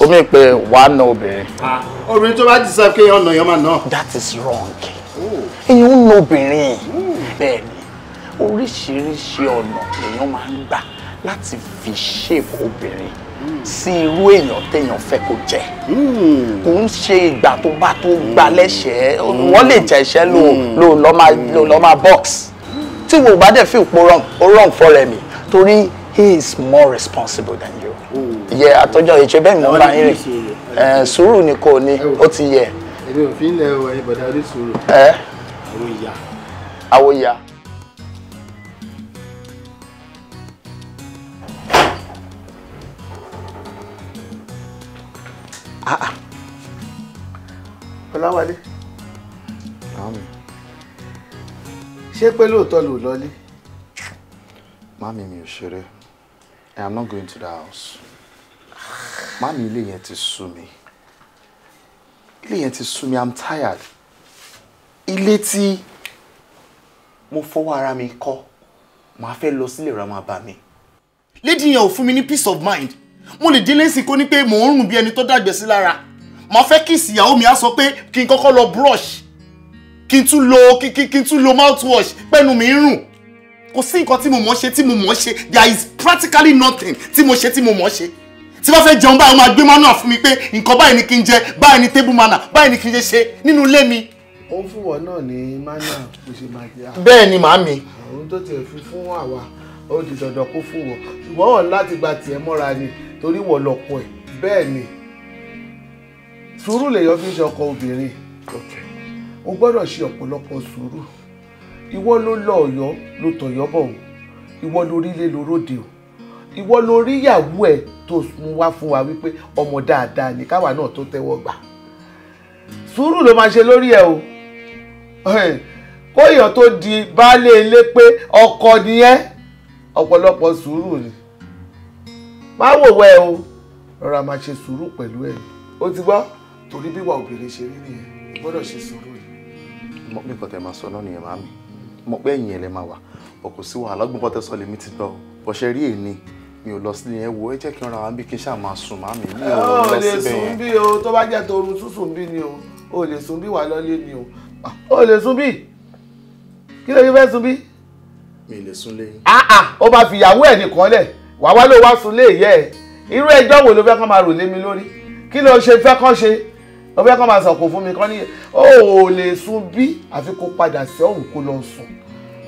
ó fi pé wàá na obìnrin. Ah, obìnrin tó bá ti sọ pé ọ̀nà yẹn máa ná. that is wrong. Oh. èèyàn ń na obìnrin hmm. bẹ́ẹ̀ ni oríṣiríṣi ọ̀nà lèèyàn máa ń gbà láti fi shape obìnrin sí irú èèyàn téèyàn fẹ́ kó jẹ́ hmm. kò ń ṣe ìgbà tó bá tó hmm. gba lẹ́sẹ̀ẹ́ hmm. wọ́n lè jẹ́ iṣẹ́ ló lọ́ máa box tí wo bá dẹ̀ fi òpó wrong ó wrong for ẹ̀mí torí he is more responsible than you yẹ àtọ́jọ́ ìṣe bẹ́ẹ̀ ni wọ́n bá yín rìn sùúrù ni kò ní ó ti yẹ. èmi ò fi ń lẹ ọ ẹ bọ̀dá rí sùúrù àwọn ìyá. àwọn ìyá. Ah, ah. Fọláwálé màámi ṣé pé lóòótọ́ ló lọlé. màámi mi ò ṣeré I am not going to the house màámi ilé yẹn ti sú mi ilé yẹn ti sú mi I am tired ilé tí mo fọwọ́ ara mi kọ́ màá fẹ́ lọ sílé ra máa mi. lady yẹn ò fún mi ní peace of mind mo lè délé sí kó ní pé mò ń rùn bí ẹni tó dàgbẹ́ sí lára màá fẹ́ kí ìsìyàwó mi á sọ pé kí n kọ́kọ́ lọ brush kí n tún lo kí kí n tún lo mouthwash pẹ́nu mi ń rùn kò sí nǹkan tí mo mọ̀ ṣe tí mo mọ̀ ṣe there is practically nothing tí mo ṣe tí mo mọ̀ ṣe tí bá fẹ́ jẹun báyìí wọ́n máa gbé mánà fún mi pé nǹkan báyìí ni kí n jẹ báyìí ni table manner báyìí ni kí n jẹ ṣe nínú ilé mi. ó ń fún wọn náà ní mánà kò ṣe máa jẹ. bẹ́ẹ̀ ni màámi. àwọn tó tiẹ̀ fi fún àwa ó di dandan kó fún wọn ṣùgbọ́n láti gba tiẹ̀ mọ́ra ni torí wọ́n lọ́kọ ẹ̀ bẹ́ẹ̀ ni sùúrù lèèyàn fi ń ṣe ọkọ obìnrin o gbọ́dọ̀ ṣe ọ̀pọ̀lọpọ̀ sùúrù ìwọ ló lọ ọ̀yọ́ ló tọ̀yọ́ bọ̀ o ìwọ lórí ilé lóróde o ìwọ lórí ìyàwó ẹ̀ tó mú wá fún wa wípé ọmọ dáadáa ni káwa náà tó tẹ́wọ́ gbà sùúrù ló máa ṣe lórí ẹ̀ o kó èèyàn tó di baálé ilé pé ọkọ nìyẹn ọ̀pọ̀lọpọ̀ sùúrù ni má wò wẹ́ o rọra máa ṣe sùúrù pẹ̀lú ẹ̀ ó ti gbọ́ torí bí wà obìnrin ṣe rí nìyẹn gbọ́dọ̀ ṣe sùúrù yìí. mo pé nǹkan tẹ máa sọ náà nìyẹn màámi mo pé ẹ̀yìn ẹ̀ lẹ máa wà bọ̀ kò sí wàhálà ọgbọ́n kan tẹ sọ lèmi ti gbọ́ bọ̀ ṣe rí èyí mi ò lọ sí yẹn wo ẹ jẹ́ kí n ra wa bí kí n ṣáà máa sùn màámi mi ò lọ síbẹ̀ yẹn. o lè sùn bí o tó bá jẹ́ torun sísùn bí ni o o lè sùn bí wà lọ́lé ni o o lè sùn bí kí ló yẹ fẹ́ sùn bí. mi ò lè sùn lẹ́yìn. Ah, ah. ó bá fi ìyàwó ẹ̀ nìkan lẹ̀ wàá wá ló wá sùn lé ìyẹ́ ẹ̀ irú ẹjọ́ wo ló fẹ́ kán máa rò lé mi lórí kí ló ṣe fẹ́ kán ṣe ló fẹ́ kán máa sọ̀kò fún mi kán ní o ò lè sun bí àfi kó padà sí ọ̀hún kó lọ sùn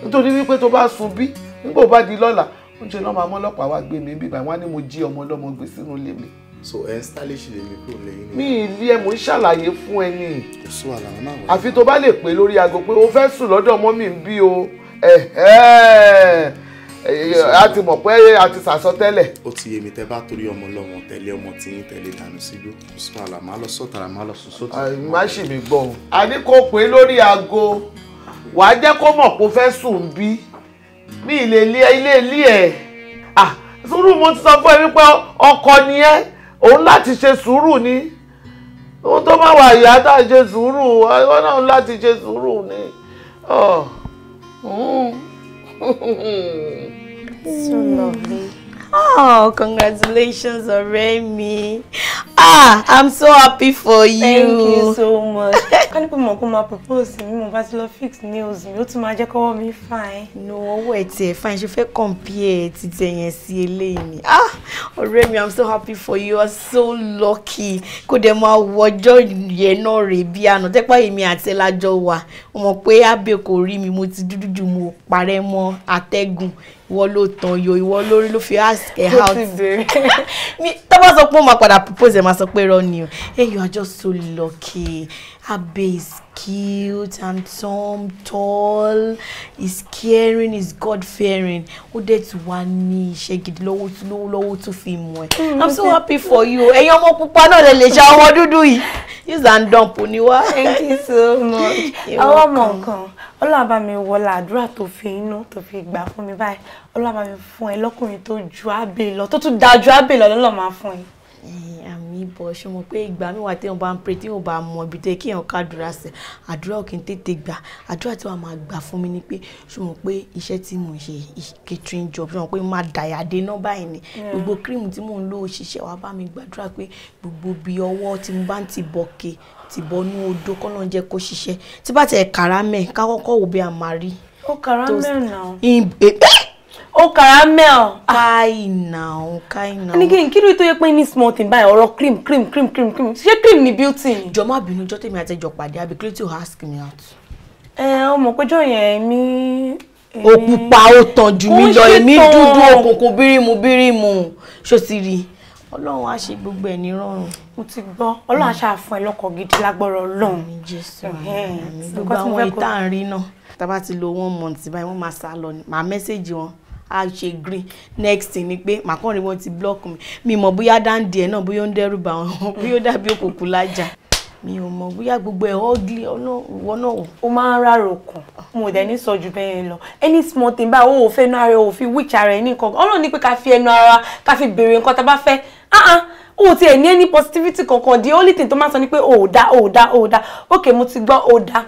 nítorí wípé tó bá sun bí nígbà bá di lọ́la ó ń ṣe lọ́mọ amọ́lọ́pàá wá gbé mi bíbá wọn á mo jí ọmọ ọlọ́mọ gbé sínú ilé mi. so ẹ ń stylish lè mi kúrò lẹ́yìn mi. mi ìlí ẹ mò ń ṣàlàyé fún ẹ ní. kò sí wàhálà wọn náà wọ. àfi tó bá lè pè lórí aago pé o fẹ́ sùn lọ́dọ̀ mọ́ mi bí o Eh, a ti mọ̀ pé a ti sàsọtẹ́lẹ̀. ó ti yé mi tẹ́ bá torí ọmọ lọ́wọ́ tẹ̀lé ọmọ tí yín tẹ̀lé dànù sígbó sùn àlà máa lọ sọ́tà àlà máa lọ sùn sọ́tà. má ṣì mí gbọ́ o. a ní kó pé lórí aago wàá jẹ́ kó mọ̀ kó fẹ́ sùn bí ní ilé ilé ilé ilé ẹ̀. ah sùúrù mo ti sọ fún ẹ wípé ọkọ ni ẹ òun láti ṣe sùúrù ni ohun tó máa wà ìyá tá a ṣe sùúrù ọ láti ṣe sùúrù ni. Oh. Mm. so hmm. lovely. Oh, congratulations, Remy! Ah, I'm so happy for you. Thank you so much. Can you pé mo come máa propose mi, mo bá ti lọ fix nails You ó tún máa jẹ́ kọ́wọ́ fine. No, ọwọ́ ẹ̀ fine, ṣe fẹ́ compare ti tẹ̀yẹn sí eléyìí Ah, Remy, I'm so happy for you, you are so lucky. Kó dẹ̀ máa wọjọ́ yẹn náà rè bí àná, tẹ́pá èmi àti ẹlájọ wà. Mo mọ̀ pé Abe kò rí mi, mo ti dúdú mo parẹ́ mọ́ atẹ́gùn ìwọ ló tan yo ìwọ lórí ló fi ask ẹ out tó bá sọ pé ó máa padà propose ẹ máa sọ pé irọ́ o hey you are just so lucky abe cute, handsome, tall, he's caring, he's God-fearing. Ó dẹ̀ tún wá ní iṣẹ́ gidi lọ́wọ́ tún lọ́wọ́ lọ́wọ́ tún fi mọ̀ ẹ́. Mm, I'm so happy for you. Ẹ̀yin ọmọ pupa náà lè lè ṣe ọmọ dúdú yìí. Use and dump ni wá. Thank you so much. Àwọn ọmọ nǹkan, Ọlọ́run bá mi wọlá àdúrà tó fi inú tó fi gbà fún mi báyìí. Ọlọ́run bá mi fún ẹ lọ́kùnrin tó ju àbè lọ, tó tún dáa ju àbè lọ lọ́lọ́ máa fún ẹ àmì bọ̀ ṣe mọ̀ pé ìgbà mẹ́wàá tí wọ́n bá ń pè tí wọ́n bá mọ ibi tẹ́ kí èèyàn kádùrà sí àdúrà ò kí n tètè gbà àdúrà tí wọ́n máa gbà fún mi ni pé ṣe mọ̀ pé iṣẹ́ tí mò ṣe catering job ṣe mọ̀ pé máa dàyàdé náà báyìí ni gbogbo cream tí mò ń lò òṣìṣẹ́ wa bá mi gbàdúrà pé gbogbo bí ọwọ́ tí mo bá ń ti bọ̀ ke ti bọ̀ ní odò kọ́nà jẹ́ kó ṣiṣẹ́ tí bá tẹ̀ o caramel. kaina o kaina. ní kí n kí ló tó yẹ pé small thing báyìí ọ̀rọ̀ cream cream cream cream cream ṣé cream ni beauty ni. jọ má bínú jọ tèmi àti ẹjọ pàdé àbí kí ló o ask me out. ẹ ọ mọ̀ pé jọ yẹn mi. o pupa o tàn jù mí lọ èmi dúdú òkùnkùn bírímù bírímù ṣó ti rí ọlọ́run á ṣe gbogbo ẹ̀ ní rọrùn. mo ti gbọ́ ọlọ́run á ṣàfún ẹ lọ́kọ̀ gidi lágbọ́rọ̀ ọlọ́run. àmì jésù àmì gbogbo àwọn ìtàn rí náà tá a bá ti lo one month báyìí wọ́n máa sá lọ ní màá mẹ́sẹ̀gì wọn a ṣe green next thing ni pé màkànrin wọn ti block mi mi mọ̀ bóyá dáńdì ẹ̀ náà bóyá ó ń dẹ́rù bà wọ́n bóyá ó dàbí òkùnkùn lájà mi ò mọ̀ bóyá gbogbo ẹ̀ ọ́gílì ọ̀wọ́ náà wò. o máa ń rárò kàn mo dẹ̀ ní sọ ju bẹ́ẹ̀ lọ any small thing báyìí o ò fẹ́ nu ara ẹ o fi wíìkì ara ẹ ní nǹkan ọlọ́run ní pé ká fi ẹnu ara ká fi béèrè nǹkan tá a bá fẹ́ o ti ẹ̀ ní any positivity kankan the only thing tó máa sọ ni pé o ò dá ò dá ò dá okay mo ti gbọ́ ò dá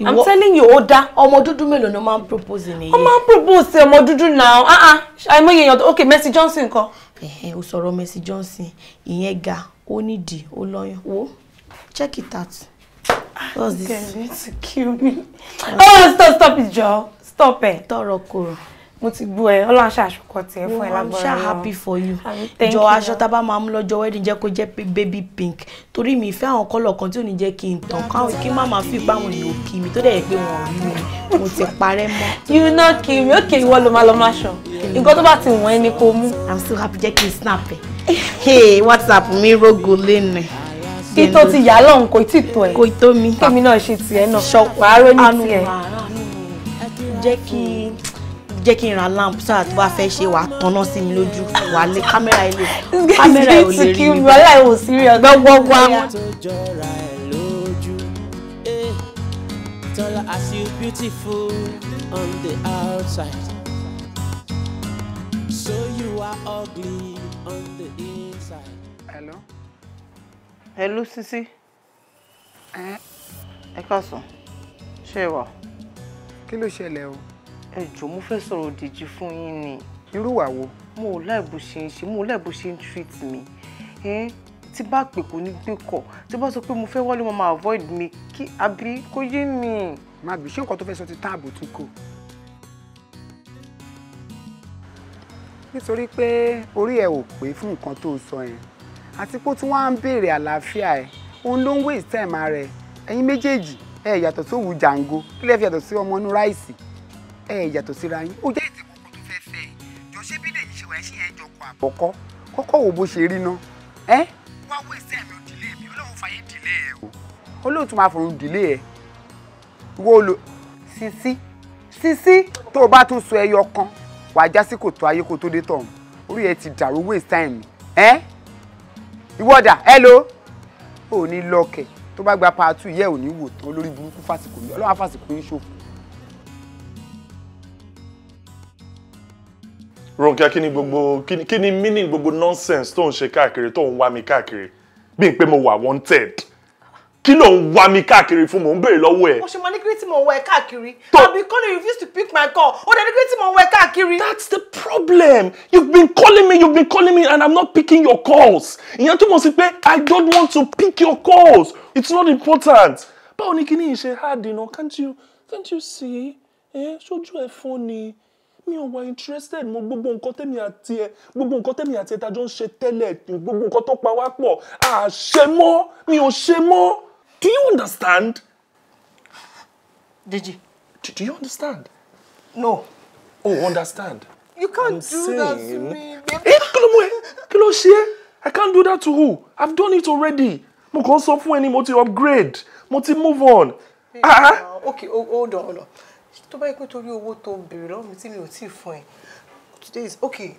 I'm telling you ó dá ọmọ dúdú mélòó ló máa ń propose nìyí. ó máa ń propose ọmọ dúdú náà ah ah àìmọye èèyàn ok Mercy Johnson kọ́. ẹ̀hẹ̀ o sọ̀rọ̀ Messi Johnson ìyẹn ga ó nídìí ó lọ́yàn wo check it out. Ah, what's this. you are to kill me. oh stop stop it jọ stop it. tọrọ kúrò mo ti gbọ́ ẹ Ọlọ́run ṣàṣùkọ tiẹ fún ẹ lágbára Ọlọ́run ṣá happy for you ìjọ aṣọ tá a bá máa mú lọ́jọ́ wedding jẹ́ kó jẹ́ baby pink torí mi ìfẹ́ àwọn kọ́lọ̀ kan tí ò ní jẹ́ kí n tàn káwọn kí má máa fi báwọn èèyàn kì mí tó dẹ̀ yẹ pé wọ́n rí mi mo ti parẹ́ mọ́. you no kiri òkè ìwọ ló máa lọ máa ṣàn nǹkan tó bá ti wọ̀n ẹ ni kò mú. i'm still happy jẹ́ kí n snap ẹ̀ hey whatsapp mi rogo lẹ́nu kí tó ti yà lọ́hùn kò tí tó ẹ̀ kò tó mi kémi náà ṣe tiẹ̀ náà ṣọ̀pọ̀ aró ní tiẹ̀ jẹ́ kí jẹ́ kí n ra lamp so àti wá fẹ́ ṣe wàá tanná sí mi lójú wàá lé kámẹ́rà ilé kámẹ́rà ò rí mi wàhálà ò sí rí ọgbẹ́ gbọ́gbọ́ àwọn. Tola, I see you beautiful on the outside. So you are ugly on the inside. Hello? Hello, Sisi. Eh, ẹ káàsán, ṣé ẹ wà? Kí ló ṣẹlẹ̀ o? ẹ jọ̀ọ́ mo fẹ́ sọ̀rọ̀ òdìjì fún yín ni. irú wà wo. mo ò láì ṣe ń ṣe mo ò láì ṣe ń treat mi tí bá pè kò ní gbé kọ tí bá sọ pé mo fẹ́ wọlé mo máa avoid mi kí àbí kò yé mi. má gbé ṣé nǹkan tó fẹ́ sọ ti tán tún kò. nítorí pé orí ẹ ò pé fún nǹkan tó sọ yẹn àti pé ó tún wá ń béèrè àlàáfíà ẹ òun ló ń waste time ara ẹ méjèèjì ẹ yàtọ̀ sówù jàǹgo kí lè fi yàtọ̀ sí ọmọ inú ráìsì ẹ yàtọ̀ síra yín ó jẹ́ ìsìnkú kó tó fẹ́ẹ́ fẹ́ ẹ jọ ṣé bí lèyí ṣe wá ṣe ẹjọ kọ àkọ́kọ́ kọ́kọ́ wo bó ṣe rí ná ẹ. wá wọ ìṣe mi ò dìlé mi olóhùn fàyè dìlé ẹ o. olóòtú máa fòrùn dìlé ẹ wo lo sisi sisi tó o bá tún sọ ẹyọ kan wàá já sí kòtò ayé kó tó dé tọ̀hún orí ẹ ti dàrú waste time ẹ ìwọ́dà hello ò ní lọ́ọ̀kẹ̀ tó bá gba part two yẹ ò ní wò tán lórí burúkú fásitì ọlọ́wà fásitì ń ṣòfò Ronke kí ni gbogbo kí ni meaning gbogbo nonsense tó ń ṣe káàkiri tó ń wá mi káàkiri bí n pé mo wà wanted kí ló ń wá mi káàkiri fún mò ń béèrè lọ́wọ́ ẹ̀. mo ṣe máa ní mo ń káàkiri. tó àbí kọ́lé you refuse to pick my call ó dẹ̀ ní kí tí mo ń wá káàkiri. that's the problem you've been calling me you've been calling me and i'm not picking your calls ìyẹn túmọ̀ sí pé i don't want to pick your calls it's not important. báwo ni kí ni ìṣe hard you can't you can't you see eh, ṣojú ẹ fún ni. Eh? mi ò wà interested mo gbogbo nǹkan tẹ́mi àti ẹ gbogbo nǹkan tẹ́mi àti ẹ ta jọ ń ṣe tẹ́lẹ̀ gbogbo nǹkan tó pa wá pọ̀ àṣẹ mọ́ mi ò ṣe mọ́ do you understand. Deji. Do, do you understand. no. oh understand. you can't I'm do saying, that to me. ẹ eh, kí ló mú ẹ ṣe é i can't do that to who i've done it already mo kàn sọ fún ẹni mo ti upgrade mo ti move on. Hey, uh -huh. okay hold on hold on tó bá yẹ pé torí owó tó béèrè lọ́wọ́ tí mi ò tí ì fún ẹ today is okay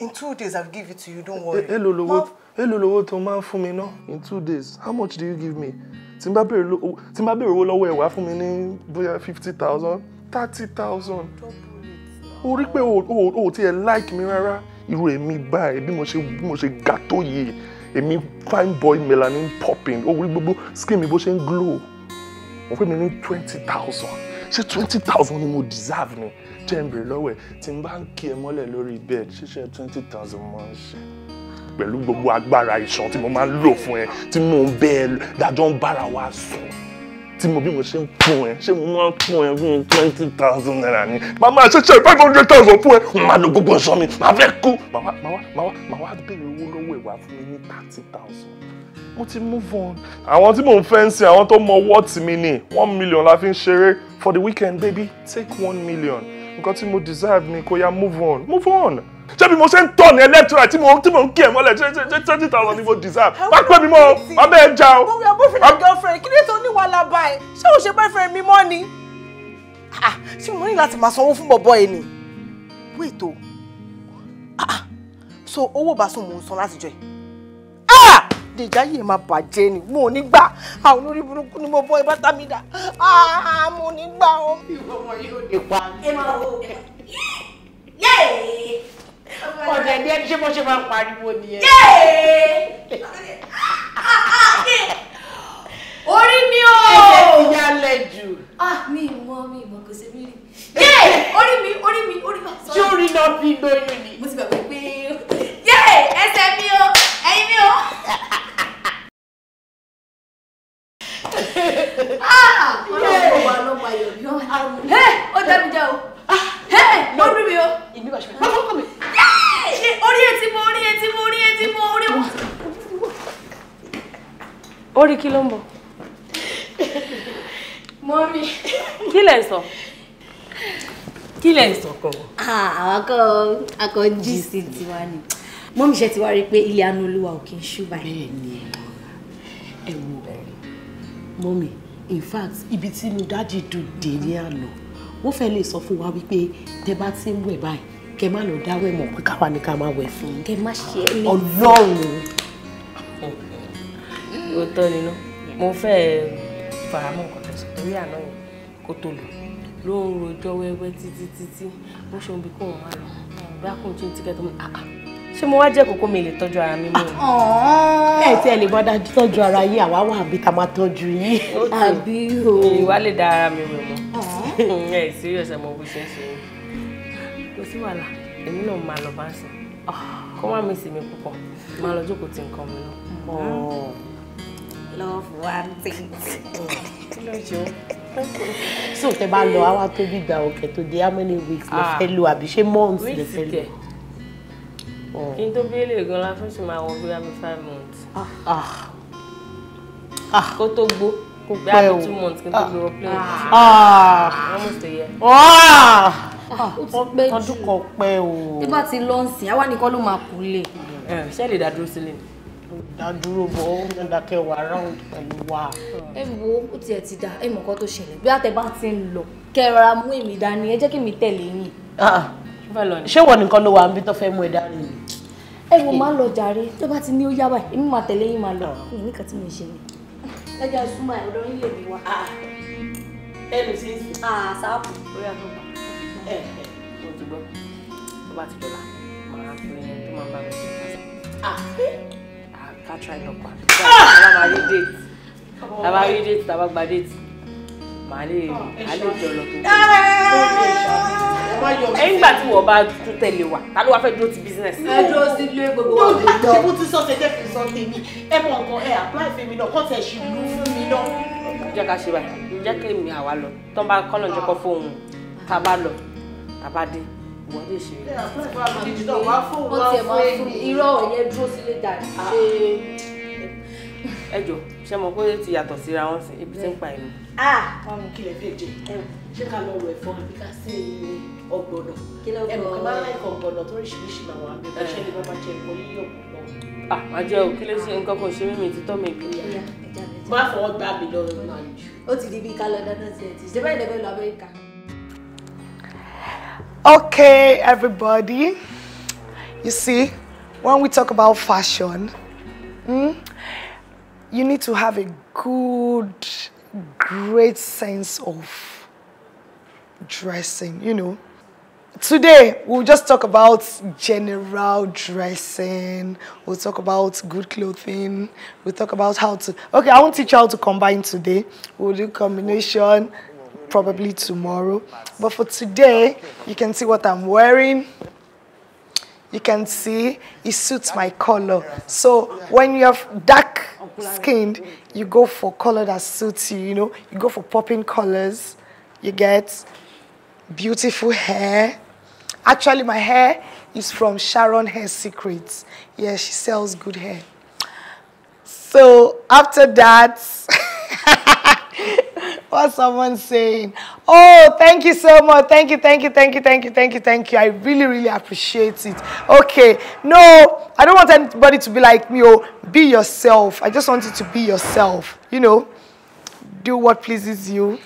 in two days i'll give it to you don't worry. Eh, èló lówó èló lówó tó máa ń fún mi ná in two days how much do you give me tí n bá béèrè owó lọ́wọ́ ẹ̀ wá fún mi ní bóyá fifty thousand thirty thousand o rí pé o ò tiẹ̀ like mi rárá irú èmi báyìí bí mo ṣe bí mo ṣe ga tó yìí èmi fine boy melanin popping o rí gbogbo skin mi bó ṣe ń glow o fún mi ní twenty thousand ṣé twenty thousand ni mo deserve ni jẹ́ ń bèrè lọ́wọ́ ẹ̀ tí n bá ń kí ẹ mọ́lẹ̀ lórí bed ṣíṣe twenty thousand máa ń ṣe pẹ̀lú gbogbo agbára ìṣàn tí mo máa ń lò fún ẹ tí mo ń bẹ ẹ dájọ́ ń bára wa sùn tí mo bí mo ṣe ń pọn ẹ ṣé mo máa ń pọn ẹ fún twenty thousand naira ni màmá ṣẹṣẹ five hundred thousand fún ẹ màá lo gbogbo ọ̀ṣọ́ mi màá fẹ́ kú màá wá bèrè owó lọ́wọ́ ẹ̀ wá fún mi ní thirty thousand mo ti move on. àwọn tí mò ń fẹ́ ń sin àwọn tó mọ wọ́ọ̀tì mi ni one million la fi ń ṣeré for the weekend baby take one million nǹkan tí mo deserve ni kò yá move on move on. ṣé bí mo ṣe ń tọ̀ ní ẹlẹ́tura tí mo tí mo ń kí ẹ̀ mọ́lẹ̀ ṣe ṣe ṣe thirty thousand ni mo deserve má pẹ́ mi mọ́ o má bẹ́ẹ̀ já o. mo wẹ̀ boyfriend and girlfriend kí ni tó ní wàhálà báyìí ṣé o ṣe boyfriend mi mọ́ ni. ṣé mo ní láti máa sanwó fún bọ̀bọ̀ yìí ni wait o ah, ah. so owó bá sùn mò ń san láti jọ yìí dé jáyé máa bàjẹ́ ni mo ò ní gbà àwọn olórí burúkú ni mo bọ́ ibà tá mi dà áá ah, mo ní gbà o. ìwọ wọn yóò dé pa. ẹ máa wò ó yéé. ọ̀dẹ̀ ni ẹni ṣé mo ṣe máa ń pariwo nìyẹn. orí mi o. ẹ̀jẹ̀ ti yálẹ̀ jù. ah mi mọ mi mọ kò sí mi rí. yéé orí mi orí mi orí mi. ṣé orin náà fi lóyún ni. mo ti gbàgbé pé ẹsẹ̀ mi o. Amy o. ọlọ́run ọba ló máa yọ̀ bí ọ̀hún. ó dá mi já o. ó rí mi o. ìmí bàṣẹ. bàbá ọkọ mi. orí etí mo orí etí mo orí etí mo orí wọn. orí kí ló ń bọ̀. mọ́mí. kí lẹ̀ ń sọ kí lẹ̀ ń sọ mọ́mí ṣe ti wá rí i pé ilé àánú olúwa ò kí ń ṣú báyìí. bẹ́ẹ̀ni ẹ wo mọ́mí in fact ibi tí inú dájì dùn dé ní àná wọ́n fẹ́ lè sọ fún wa wípé tẹ bá ti ń wẹ̀ báyìí kẹ má lọ dáwẹ̀ mọ̀ pé káwa ni ká máa wẹ̀ fún un. kẹ má ṣe é ní. ọlọ́run. òótọ́ ni náà mo fẹ́ faramọ́ nǹkan tó sọ torí àná yẹn kó tó lò ló ń rojọ́ wẹ́wẹ́ títí títí bó ṣe ń bí kóun máa lọ bá kóun tí ń tíkẹ́ tó mọ́ àá ah, ah, ṣé mo wá jẹ́ kókó mi lè tọ́jú ara mi mọ́. ẹ tí ẹ lè bá dájú tọ́jú ara yìí àwa wà bí ta máa tọ́jú yìí. àbí o. ìwà lè da ara mi mọ́. ẹ serious ẹ mọ bó ṣe é. kò sí wàhálà èmi náà máa lọ bá ń sìn. Ah. kọ́ má mi sì mi púpọ̀ máa lọ jókòó ti nǹkan mi lọ. love one thing. kí ló ṣe o so tẹ bá lọ àwa tó bí gbà ọkẹ tó di how many weeks lè ah. fẹ́ lò àbí ṣé months lè fẹ́ lò. Mm. kí n tó bílẹ̀ gan la fún ṣì máa wọ bí wàá five months. Ah. Ah. Ah. kó tó gbó kó pé àbí two months kí n Ah gbé wọ plane. almost a year. ọdún kan pẹ́ o. tí bá ti lọ sìn àwa nìkan ló máa kú lè. ṣé lè dá dúró sílẹ̀ dádúró bọ ọmọdàkẹwà round pẹ̀lú wa. ẹ wo ó tiẹ̀ ti dà ẹ mọ̀ nǹkan tó ṣẹlẹ̀ bí àtẹ bá ti ń lọ kẹrọra mú èmi dání ẹ jẹ́ kí mi tẹ̀lé yín. ṣé wọ́n nìkan ló wà níbi tó fẹ́ mú ẹ dání ni ẹ wo máa lọ jàre tó bá ti ní ó yá báyìí èmi máa tẹ̀lé yín máa lọ mi ní kàtí mi ṣe ni. ẹ jẹ́ súnmọ́ ẹ̀ ọ̀dọ́ yín lè mi wá. Ah, ẹ lè ṣe é sí. Ah, sáàpù bóyá tó bá. ẹ ẹ mo ti gbọ́ tó bá ti dọ̀la màá fi ẹni tó máa bá mi ṣe é. Ah. ká try lọ pa. tàbá rí déètì tàbá gba déètì màá lè alẹ́ ah, ìjọ lọ tó kù. Ah! ẹ̀yìn ìgbà tí wọ́n bá tún tẹ̀lé wa ta ló wá fẹ́ dúró ti business. ẹ dúró sí ilé gbogbo wa lè lọ. ṣé mo ti sọ ṣe jẹ́ kí n sọ tèmi ẹ mọ nǹkan ẹ apply fèmi náà kọ́ńtẹ̀ ṣì lù fún mi náà. jẹ́ ká ṣe báyìí jẹ́ kí èmi àwa lọ tó ń bá kọ́nà jẹ́ kọ́ fóun tá a bá lọ tá a bá dé wọ́n lè ṣe é. ó tiẹ̀ máa fún irọ́ òye dúró sílé dàdí. Ah. ẹ jọ ṣe mọ̀ pé ti yàtọ̀ síra wọn sí ibi tí ń pa ẹ̀mí. Ah! wọn mú kílẹ̀ fẹ́ jẹ ṣé ká lọ ẹ̀fọ́ àbí ká sí ọgbọ̀nọ̀ ẹ̀mọ̀ kí máa ń láìka ọgbọ̀nọ̀ tó oríṣiríṣi làwọn àmì ìbọ̀ṣẹ́ ni wọ́n jẹ ẹ̀kọ́ yíyọ̀ pọ̀. àmọ́ ah, jẹ́ ò kí ló ṣe nǹkan kan ṣe mímì títọ́ mi bí. má fọwọ́ gbá mi lọ rẹ̀ máa jù. ó ti di bí ká lọ dáná sí Okay, everybody, you see, when we talk about fashion, mm, you need to have a good great sense of dressing, you know. Today, we'll just talk about general dressing. We'll talk about good clothing. We'll talk about how to... Okay, I won't teach you how to combine today. We'll do combination probably tomorrow. But for today, you can see what I'm wearing. You can see it suits my color. So when you have dark skinned, you go for color that suits you, you know. You go for popping colors. You get beautiful hair. Actually, my hair is from Sharon Hair Secrets. Yeah, she sells good hair. So after that, what someone saying, Oh, thank you so much. Thank you, thank you, thank you, thank you, thank you, thank you. I really, really appreciate it. Okay. No, I don't want anybody to be like me. Oh, be yourself. I just want you to be yourself. You know, do what pleases you.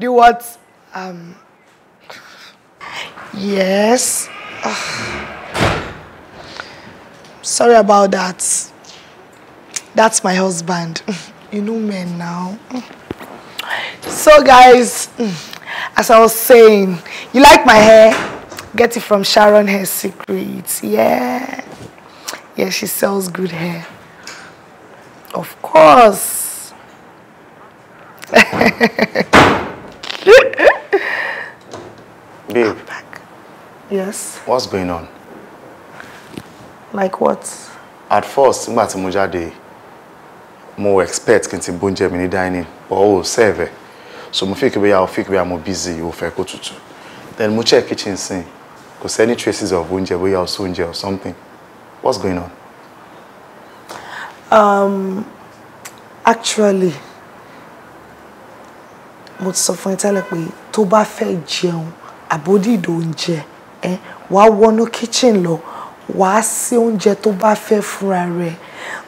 Do what, um, yes. Ah. Sorry about that. That's my husband. you know men now. So guys, as I was saying, you like my hair? Get it from Sharon Hair Secrets. Yeah. Yeah, she sells good hair. Of course. Babe. Yes. What's going on? Like what? At first, nígbà tí mo expect kí n ti bóúnjẹ mi ní dining but o serve ẹ so mo fi kébé ya o fi kébé ya mo busy o fẹ́ kó tutù then mo check kitchen sin kò sẹ́ni traces of oúnjẹ bóyá o sóúnjẹ or something what's going on. Um, actually mo ti sọ fún ẹ tẹ́lẹ̀ pé tó bá fẹ́ jẹun àbódìdó oúnjẹ wàá wọnú kitchen lọ wàá sí oúnjẹ tó bá fẹ́ fúnra rẹ̀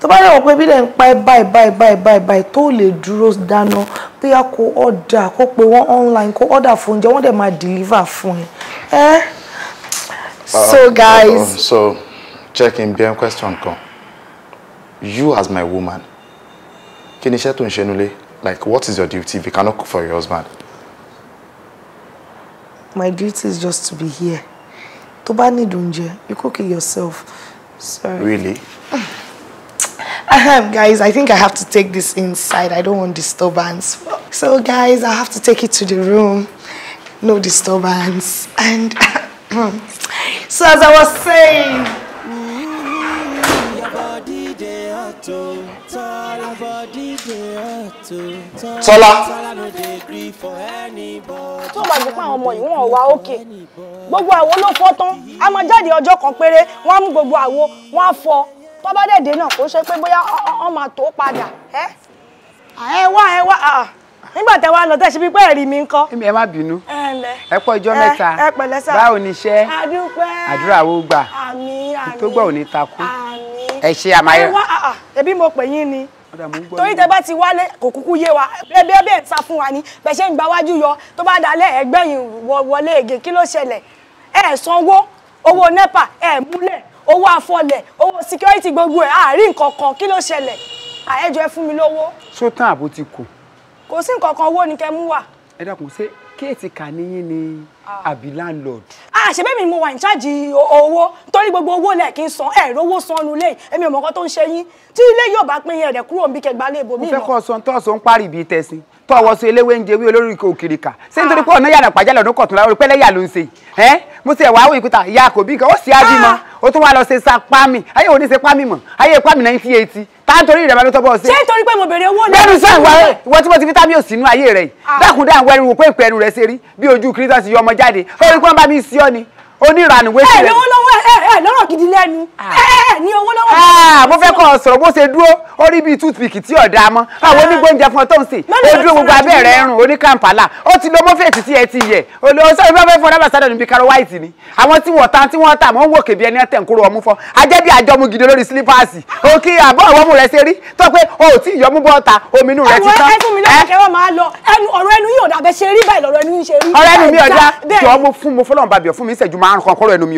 tó bá lè wọ́n pé bílẹ̀ ń pa ẹ́ báyìí báyìí báyìí báyìí báyìí tó lè dúró dáná bóyá kó ọ̀dà kó pe wọ́n online kó ọ̀dà fún oúnjẹ wọ́n dẹ̀ máa deliver fún ẹ. so guys. Uh, so jẹ́ kí n question kan you as my woman kí ni iṣẹ́ tó ń ṣe nulẹ̀ like what is your duty if you cannot cook for your husband. my duty is just to be here tó bá need oúnjẹ you cook it yourself. Sorry. really. Um, guys, I think I have to take this inside. I don't want disturbance. So guys, I have to take it to the room. No disturbance. And so as I was saying... Tọ́lá. Tó bá jẹ́ pé àwọn ọmọ yìí wọ́n wá òkè. Gbogbo àwo ló fọ́ tán. A máa jáde tó bá dẹ̀ dé náà kó ṣe pé bóyá wọ́n máa tó padà ẹ́ ẹ wá ẹ wá nígbà tẹ wá lọ tẹ ṣe bí pé ẹ̀rí mi ń kọ́. èmi ẹ má bínú ẹ pọ ìjọ mẹ́ta báwo ni iṣẹ́ àdúrà wo gbà tó gbọ́ ò ní takú ẹ ṣe àmàyẹ. ẹ wá ẹbí mo pè yín ni torí tẹ bá ti wálé kò kúkú yé wa ẹbí ẹbí ẹ̀ ń sá fún wa ni bẹ̀ ṣe ń gba wájú yọ tó bá dalẹ̀ ẹgbẹ́yìn wọlé ègè kí ló ṣẹlẹ̀ ẹ̀ sanwó owó nepa ẹ̀ múlẹ̀ owó àfọlẹ̀ owó security gbogbo ẹ̀ àárín nǹkan kan kí ló ṣẹlẹ̀ àẹjọ ẹ fún mi lówó. sótán àbó ti kù. kò sí nǹkan kan owó ni kẹ́ mú wá. ẹ dákun ṣé kéètì kàníyìn ni àbí landlord. a ṣe bẹ́ẹ̀ mi mo wà ní ṣáàjì owó torí gbogbo owó lẹ̀ kí n san ẹ̀rọ owó sanu lẹ́yìn èmi ò mọ̀ nǹkan tó ń ṣe yín tí ilé yóò bá pín yẹn rẹ̀ kúrò níbi kẹgbàá lé ibòmí lọ. mo fẹ́ kọ́ sọ tó sọ ń parí ibi tẹ̀sìn tó ọwọ́ so eléwé ń jewé olórí òkìrìkà ṣé nítorí pé ọ̀nà yàrá pàjálẹ̀ ọ̀nà kọ̀tún láwọn pẹ́lẹ́ yà ló ń ṣe ẹ́ mo ti ẹ̀wà àwọn ìkúta ìyá kò bí nǹkan ó sì á bímọ ah! ó tún wá lọ ṣe sa pámì ayé òní ṣe pámì mọ̀ ayé pámì náà ń fi etí tá a torí ìrẹ̀mà ló tọ́bọ̀ ṣe. ṣé nítorí pé mo bèrè owó náà. bẹ́ẹ̀ni sọ ìwà rẹ̀ ah! ìwọ ti fi ẹ lọ́rọ̀ gidi lẹ́nu ẹ ní owó lọ́wọ́. mo fẹ́ kọ́ ọ sọ̀rọ̀ bó ṣe dúró ó rí bíi toothpick tí ọ̀dà mọ́ àwọn onígbóúnjẹ fún ọ tó ń sè é dúró gbogbo abẹ́ rẹ̀ ẹrùn oníkàmpálà ó ti lo mọ́fẹ̀tì tí ẹ ti yẹ olóòsọ ìfẹ́ fẹ́ fọ́ dábàá sádọ̀ níbi karọ wáìtì ni àwọn tí wọ́n ta tí wọ́n ta mọ́ ń wò kèbí ẹni tẹ̀ ń kúrò ọmú fọ́ ajẹ́ bí àjọmu gidi lórí sílípáàsì òkè àbọ̀ ọ̀wọ́mú rẹ̀ ṣe rí tó pé o ò tí ìyọmú bọ́ ta omi inú rẹ̀ ti tán. ẹ fún mi lọ́wọ́ kẹwàá máa lọ ẹnu ọ̀rọ̀ ẹnu yóò dàbẹ̀ ṣe rí báyìí lọ́rọ̀ ẹnu yìí ṣe rí. ọ̀rọ̀ ẹnu mi ọ̀dà jọ̀ọ́ mo fún mo fọlọ́run bàbí ọ̀ fún mi ìṣẹ́jú márùn-ún kan kọ́rọ̀ ẹnu mi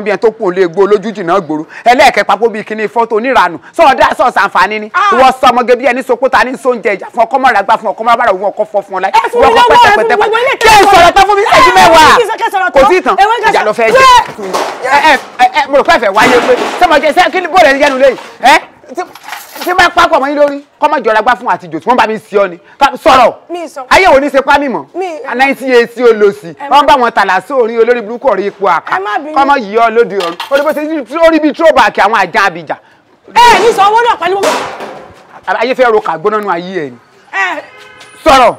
kan bí ẹni tó kù lè gbó lójú jìnnà gbòòrò ẹlẹ́ẹ̀kẹ́ papò bíi kíní fọ́tò oníranù sọ̀rọ̀ dá sọ̀rọ̀ sanfani ni ah! ìwọ sọ ọmọge bí ẹni sopó ta ní sóúnjẹ ìjà fún ọkọ mọ́ra gbá fún ọkọ mọ́ra bára òun ọkọ fọ́ fún ọ láì wọ́n kọ́ pẹ́tẹ́pẹ́tẹ́ kí ẹ sọ̀rọ̀ tán fún mi ṣẹ́jú ah! mẹ́wàá kò sí tán ìjà lọ fẹ́ jẹ ẹ ẹ mo rò pé ẹ fẹ́ wáyé pé sọmọge sẹ́kí bóòlù ẹ̀ ṣé bá pápọ̀ mọ́ yín lórí kọ́mọ jọra gbá fún àtijọ́ tí wọ́n bá mi sí ọ ni sọ̀rọ̀ ayé wo ní ṣe pa mí mọ́ ninety eight o lọ sí wọ́n bá wọn tàlà sí orin olórí burúkú ọ̀rẹ́ ipò àká kọ́mọ yìí ọ lóde ọ̀run olùkọ́ ṣe orí bíi tróbàkì àwọn àjà àbíjà. ẹ ní sọ owó náà pẹ̀lú. ayé fẹ́ ro kàgbóná nu ayé ẹ̀ ni sọ̀rọ̀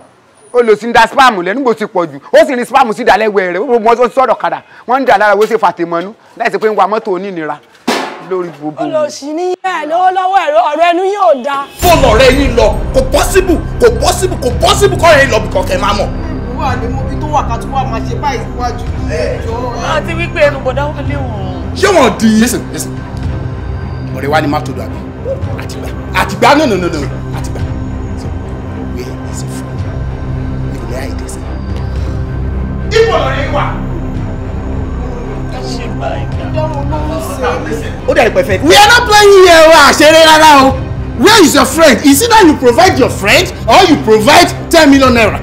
ó ń da spam lẹ́nu bó ti pọ̀ jù ó sì ní spam sí ìdálẹ́wẹ̀ẹ́ rẹ̀ wọ́n sọ̀rọ̀ kàdà wọ́n ń dà lára wọ́n ṣe fàtẹ́mọ́nú láì pé ń wa mọ́tò onínira lórí gbogbo. olùsí ní ẹ lọ́wọ́ lọ́wọ́ ẹ̀rọ ọ̀rọ̀ ẹnu yóò da. fóònù ọ̀rẹ́ yín lọ kò pọ́síbù kò pọ́síbù kò pọ́síbù kọ́ ẹ̀yin lọ bí kọ̀kẹ́ máa mọ̀. ìwà ni mo fi tó wà ká tó wà máa ṣe báyìí síwájú. àti wípé ẹnu bọ̀dá wà léwọ̀n. ṣé wọn di. listen listen ọ̀rẹ́ wa ni má tó do àbí àtìgbà àtìgbà no no no no àtìgbà so where is it from? ìbùdó ayé dé sí. ìbùdó ọ̀rẹ́ wà ó dẹ̀ pẹ̀fẹ́. we are not playing here o àṣeré where is your friend is it that you provide your friend or you provide ten million naira.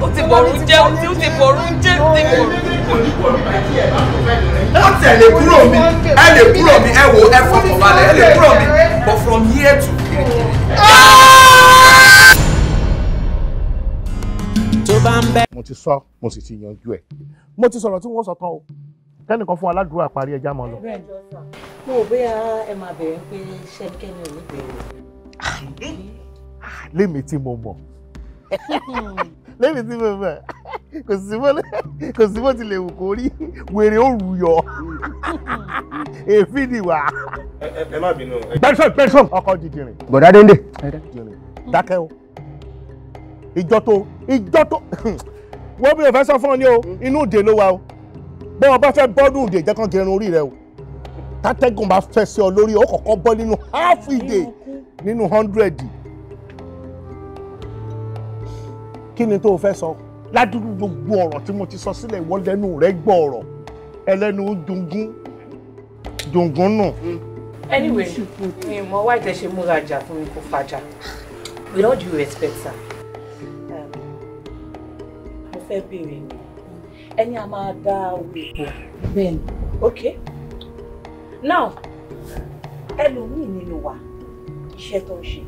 wọ́n tẹ̀lé kúrò mi ẹ lè kúrò mi ẹ wo ẹ fọkàn balẹ̀ ẹ lè kúrò mi but from here to Kirikiri. tó ah! mo ti sọ mo sì ti yanjú ẹ mo ti sọ̀rọ̀ tí wọ́n sọ tán o kẹ́nìkan fún aládùúrà parí ẹja mọ́ lọ. mo ò bóyá ẹ máa bẹ̀rẹ̀ pé ṣẹ́nikẹ́ni ò ní bẹ̀rẹ̀. Ah, lémi tí mo mọ̀ lémi tí mo mọ̀ kò sí bó kò sí bó tilẹ̀ wù kó rí wèrè òrù yọ èéfín ni wà. ẹ má bínú. bẹ́sọ̀n bẹ́sọ̀n ọkọ̀ dìdìrín. bọ̀dá dénde. dákẹ́ o ìjọ tó ìjọ tó wọ́n bí o fẹ́ sọ fún ọ ní o inú ìdè ló wà o bọ́n ọba fẹ́ bọ́dún ìdè jẹ́ kán gẹrun orí rẹ o tátẹ́gùn bá fẹ́ sí ọ lórí ọ kọ̀kọ́ bọ́ nínú half ìdè nínú hundred kí ni tó o fẹ́ sọ ládùúgbò gbogbo ọ̀rọ̀ tí mo ti sọ sílẹ̀ ìwọ lẹ́nu rẹ gbọ́ ọ̀rọ̀ ẹlẹ́nu dungun dungun nù. anyway mi ò mọ wáyé tẹ ṣe múra jà fún mi kó fàjà with all due respect sir um, mo fẹ́ béèrè ni ẹni a máa da òwe pọ̀ bẹ́ẹ̀ ni now ẹlòmíì nínú wa she, tó ń ṣe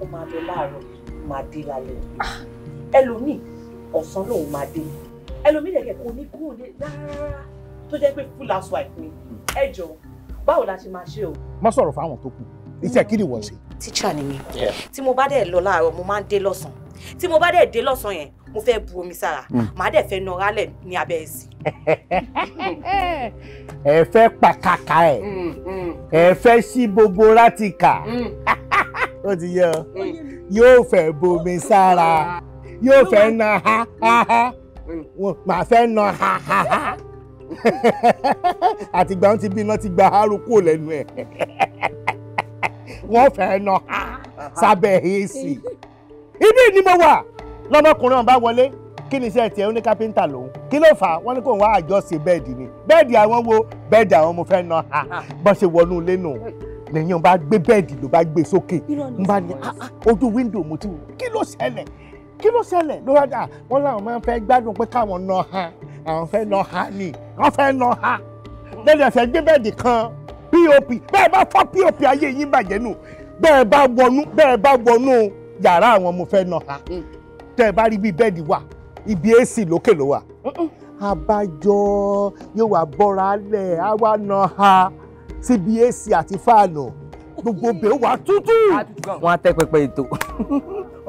ó máa lọ láàárọ̀ máa dé lálẹ́ ah. ẹlòmíì ọ̀sán lòun máa dé ẹlòmíì lẹ̀kẹ̀ kò ní kúrò ní rárá tó jẹ́ pé full housewife ni ẹ jọ báwo la ṣe máa ṣe o. má sọ̀rọ̀ fáwọn tó kù iṣẹ́ kí ni wọ́n ṣe. tíṣà ni mi tí mo bá dẹ̀ lọ láàárọ̀ mo máa ń dé lọ́sàn mo bá dẹ̀ dé lọ́sàn-án mo fẹ́ bu omi sára hmm. màá dẹ̀ fẹ́ nọra lẹ̀ ní abẹ́ ẹ̀sìn. ẹ fẹ́ pàkàkà ẹ̀ hmm, hmm. ẹ fẹ́ sí gbogbo láti kà ó ti yẹ ọ yóò fẹ́ bomi sára yóò fẹ́ na ha ha ha màá fẹ́ na ha ha ha àtìgbà wọn ti bí iná ti gba haru kúrò lẹ́nu ẹ̀ wọ́n fẹ́ na ha sábẹ́ èsì ibi ni mo wà lọ́mọkùnrin ọ̀hún bá wọlé kí ni iṣẹ́ tiẹ̀ ó ní kápẹ́ńtà lòun kí ló fà á wọ́n ní kó wá àjọṣe bẹ́ẹ̀dì ni bẹ́ẹ̀dì àwọn wo bẹ́ẹ̀dì àwọn mo fẹ́ na ha ah. bọ́ ṣe wọnú ilé nù lẹ́yìn bá gbé bẹ́ẹ̀dì ló bá gbé sókè n bá ní ah, ah, ojú wíńdò mo ti wò kí ló ṣẹlẹ̀ kí ló ṣẹlẹ̀ ló wá dà wọ́n máa ń fẹ́ gbádùn pé káwọn na ha àwọn fẹ́ na ha ni wọ́n fẹ́ na ha lẹ́yìn ẹ̀fẹ́ gbé bẹ́ẹ̀dì kan pop bẹ́ẹ̀ bá fọ́ pop ayé yín bàjẹ́ nù bẹ́ẹ̀ bá wọnú bẹ́ẹ̀ bá wọnú yàrá àwọn mo fẹ́ na ha. Hmm tẹ́ ẹ bá rí bí bẹ́ẹ̀dì wà ibi ac lókè ló wà abájọ yóò wá bọ́ra lẹ̀ á wá nà ha síbi ac àti fáànù gbogbo bẹ́ẹ̀ wà tútù. wọ́n á tẹ́ pẹpẹ ètò wọ́n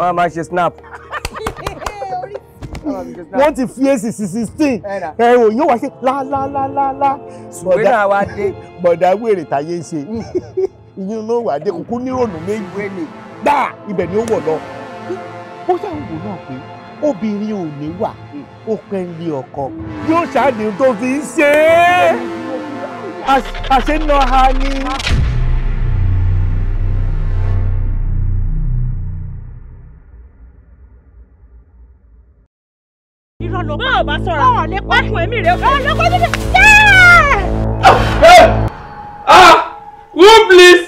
á máa ṣe snap wọ́n ti fi èsì sí sixteen ẹ̀rọ yóò wá ṣe lálálálá. ìwé náà wá dé. bọ̀dà wèrè táyé ṣe mm. ìyún ló wà dé kúkú nírònú méjì gbà ibẹ̀ ni ó wọ̀ lọ ó ṣàwò náà pé obìnrin ò ní wà ó pẹ́ ń lé ọkọ yóò ṣàní tó fi ń ṣe é àṣẹ náà ha ni. irọ́ ló bá ọba sọ̀rọ̀ ọ̀ ah! ah! ah! please?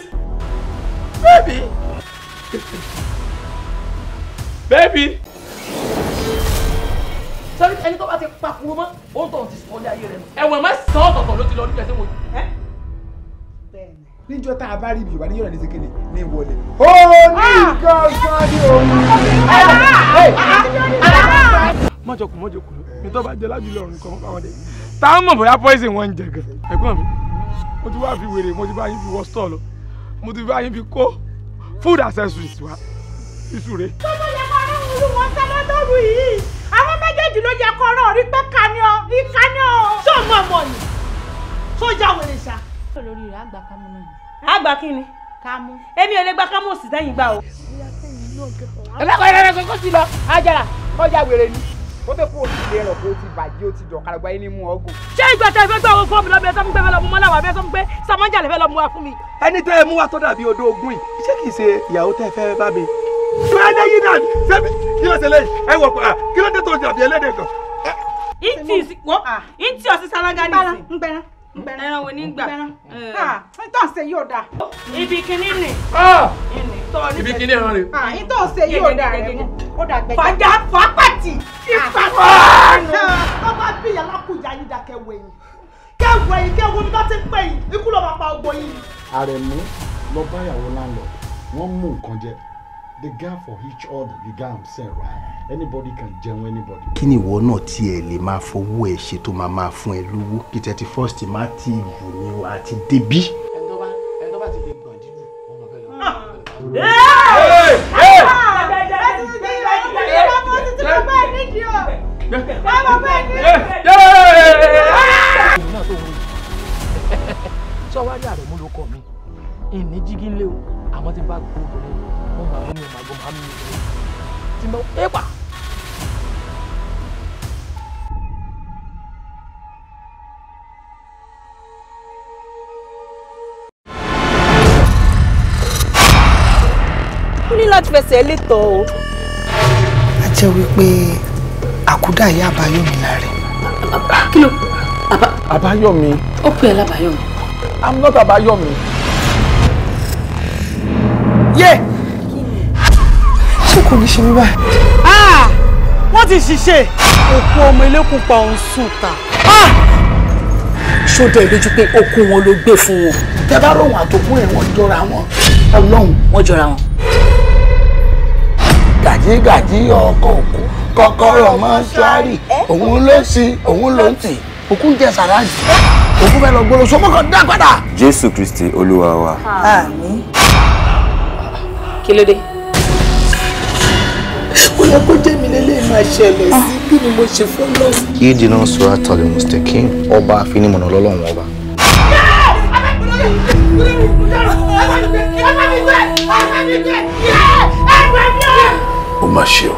baby. sọ́rí ẹni tó bá ti papòrò mọ́ ó ń tọ̀ ti sọ ní ayé rẹ̀. ẹ̀wọ̀n mẹ́sàn-án ọ̀tọ̀ọ̀tọ̀ ló ti lọ nígbà tí mo. níjọ́ tá a bá rí ibi ìwà níyọ̀rọ̀ ní sekele ní ìwọlé. ó ní ah! gángan ní òun. mọ́jọkù mọ́jọkù mi tó bá jẹ lájúlẹ̀ ọ̀run kan fáwọn dé. tá a mọ̀ bóyá poison wọn ń jẹ gan. ẹ̀gbọ́n mi mo ti wá fi wèrè mo ti bá yín fi wọ́ stọ̀ lọ mo ti bá yín fi kó food accessories wa iṣu rẹ̀ ojú wọn sá lọ́dọ̀rù yìí àwọn méjèèjì ló yẹ kọ́ ọ̀rọ̀ rí pé kaniọ́ rí kaniọ́. ṣé ọmọ ọmọ ni sójà wèrè ṣá. lórí rẹ̀ àgbà kámú náà ni. àgbà kí ni. kámú. èmi ò lè gba kámú òsì sẹ́yìn gbà o. ẹlẹ́kọ̀ọ́ ẹlẹ́kọ̀ọ́ kó sì lọ ajára kọjá wèrè ni ó fẹ́ kó o ti lè rọ̀ pé o ti bàjẹ́ o ti dọ̀ kárọ̀gbá yín ní mú ọgùn. ṣé ìgbà tẹ fẹ́ gbà owó fọ́ọ̀mù lọ́bẹ̀ẹ́ tó ń gbé fẹ́ lọ́mú mọ́lá wàá fẹ́ tó ń gbé samanja lè fẹ́ lọ́mú wa fún mi. ẹni tó yẹ mú wa tó dàbí odó ogún yìí ṣé kìí ṣe ìyàwó tẹ fẹ́ bá mi fẹ́ẹ́dẹ́ yìí náà sẹ́mi kí ló ṣẹlẹ̀ ẹ wọ̀ pa ah, kí ló dé tó jàbí ẹlẹ́dẹ̀ kan. ìtì eh, wọ́n ìtì ah. ọ̀sí sálágà nìsín. ń gbẹ́rán ń gbẹ́rán ẹran wo ní gbà. ìtọ́ eh. ah, ṣe yóò dà. ibi kìíní nì. ibi kìíní ẹran rè. ìtọ́ ṣe yóò dà rẹ̀ mú. ó dà gbẹ̀jẹ̀. fàjà fàpàtì. ìfàpàtì. ọba bíyà lákùjá yìí dà kẹwẹ́ yìí kẹwẹ́ yìí kẹwẹ́ mi bá ti pẹ́ yìí ikú lọ́ọ́ pa ọgbọ́n yìí. àrẹ̀mú lọ bá láńlọ wọ́n mú nǹkan jẹ the gap for each other you get am say right anybody can join anybody. kí ni ìwọ náà tiẹ̀ lè máa fowó ẹ̀ ṣe tó máa máa fún ẹ lówó kí thirty first má ti wù ní o àti débí. ti lè sọ wá ní àrẹ̀mú ló kọ mi ìní jígí lé o àmọ́ tí n bá gbó obìnrin wọn máa mú mi máa gbó máa mú mi lọ tí n bá é pa. ó ní láti fẹsẹ̀ létọ̀ o. a jẹ́ wípé àkúdà ìyá àbáyọ̀mí la kí ló àbáyọ̀mí. ó pè é lábáyọ̀mí. i'm not àbáyọ̀mí. kò ní ṣe mí báyìí. Ah! wọ́n ti ṣiṣẹ́ òkú ọmọ elékùn pa òun sùn ta. Ah! ṣó dẹ̀ lójú pé okun wọn ló gbé fún wọn. tẹ́ bá ròhùn àtòkù ẹ̀ wọ́n jọra wọn ọlọ́run wọ́n jọra wọn. gàjígàjí ọkọ̀ òkú kọ́kọ́rọ́ mọ́ṣúárì òun ló sí òun ló ń tì òkú ń jẹ sàràjì òkú fẹ́ lọ gbọ́dọ̀ sọ́mọ́kàn dá padà. jésù kristi olúwa wa. àmín. kí ló dé yẹ kó jẹ́ mi lélẹ́yìn máa ṣẹlẹ̀ sí bí ni mo ṣe fọ́ lọ. yìí dì náà sọ àtàlẹ̀ mùsítẹ̀kì ọba àfinimọ̀nà lọ́lọ́run ọba. ó mà ṣe o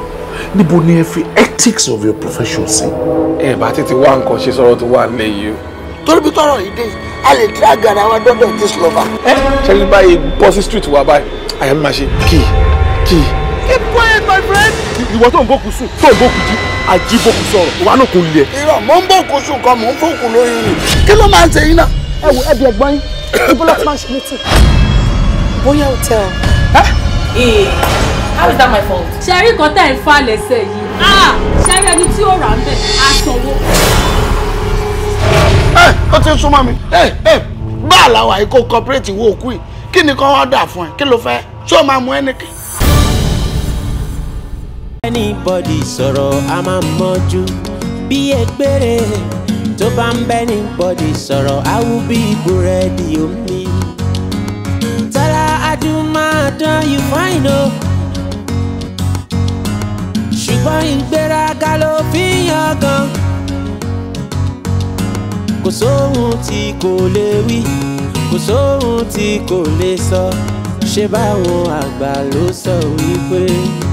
níbo ni ẹ fi ethics of your profession sí. ẹ bá tètè wá nǹkan ṣe sọ̀rọ̀ tó wà nílẹ̀ yìí o torí bí tọrọ yìí dé a lè tí a gàdá wa dọdọ tí sùlọfà. ẹ ṣe ní báyìí bọ́sí street wa báyìí àyà mi máa ṣe kíì kíì keep quiet my friend. ìwọ tó ń bókun sùn tó ń bókun jí àjí bókun sọ̀rọ̀ wà ló kun lẹ. irọ́ mo ń bókun sùn kan mò ń fòkun lórí rìn kí ló máa ń ṣe yín náà. ẹ wo ẹbí ẹ̀gbọ́n yín ibo láti máa ṣe létí. bóyá o tẹ ọ. ee how is that my fault. ṣẹ́rí kan tẹ̀ ń fa lẹ́sẹ̀ yìí ah, ṣẹ́rí ẹni tí ó rà ń bẹ̀ á sanwó. ẹ ó ti súnmọ́ mi gbá àlàwà ikọ̀ corporate wo òkú yìí kí ni kán wá dà fún ẹ kí ló fẹ́ ṣé o máa mú ẹnìkan anybody sọ̀rọ̀ a máa mọ́jú bí egbére tó bá ń bẹ́ anybody sọ̀rọ̀ awú bí búrẹ́dì omi. Tọ́lá Adúmáadán you fine o. ṣùgbọ́n ìgbéraga ló fi yan gan. kò sóhun tí kò lè wí kò sóhun tí kò lè sọ ṣé báwọn àgbà ló sọ wípé. So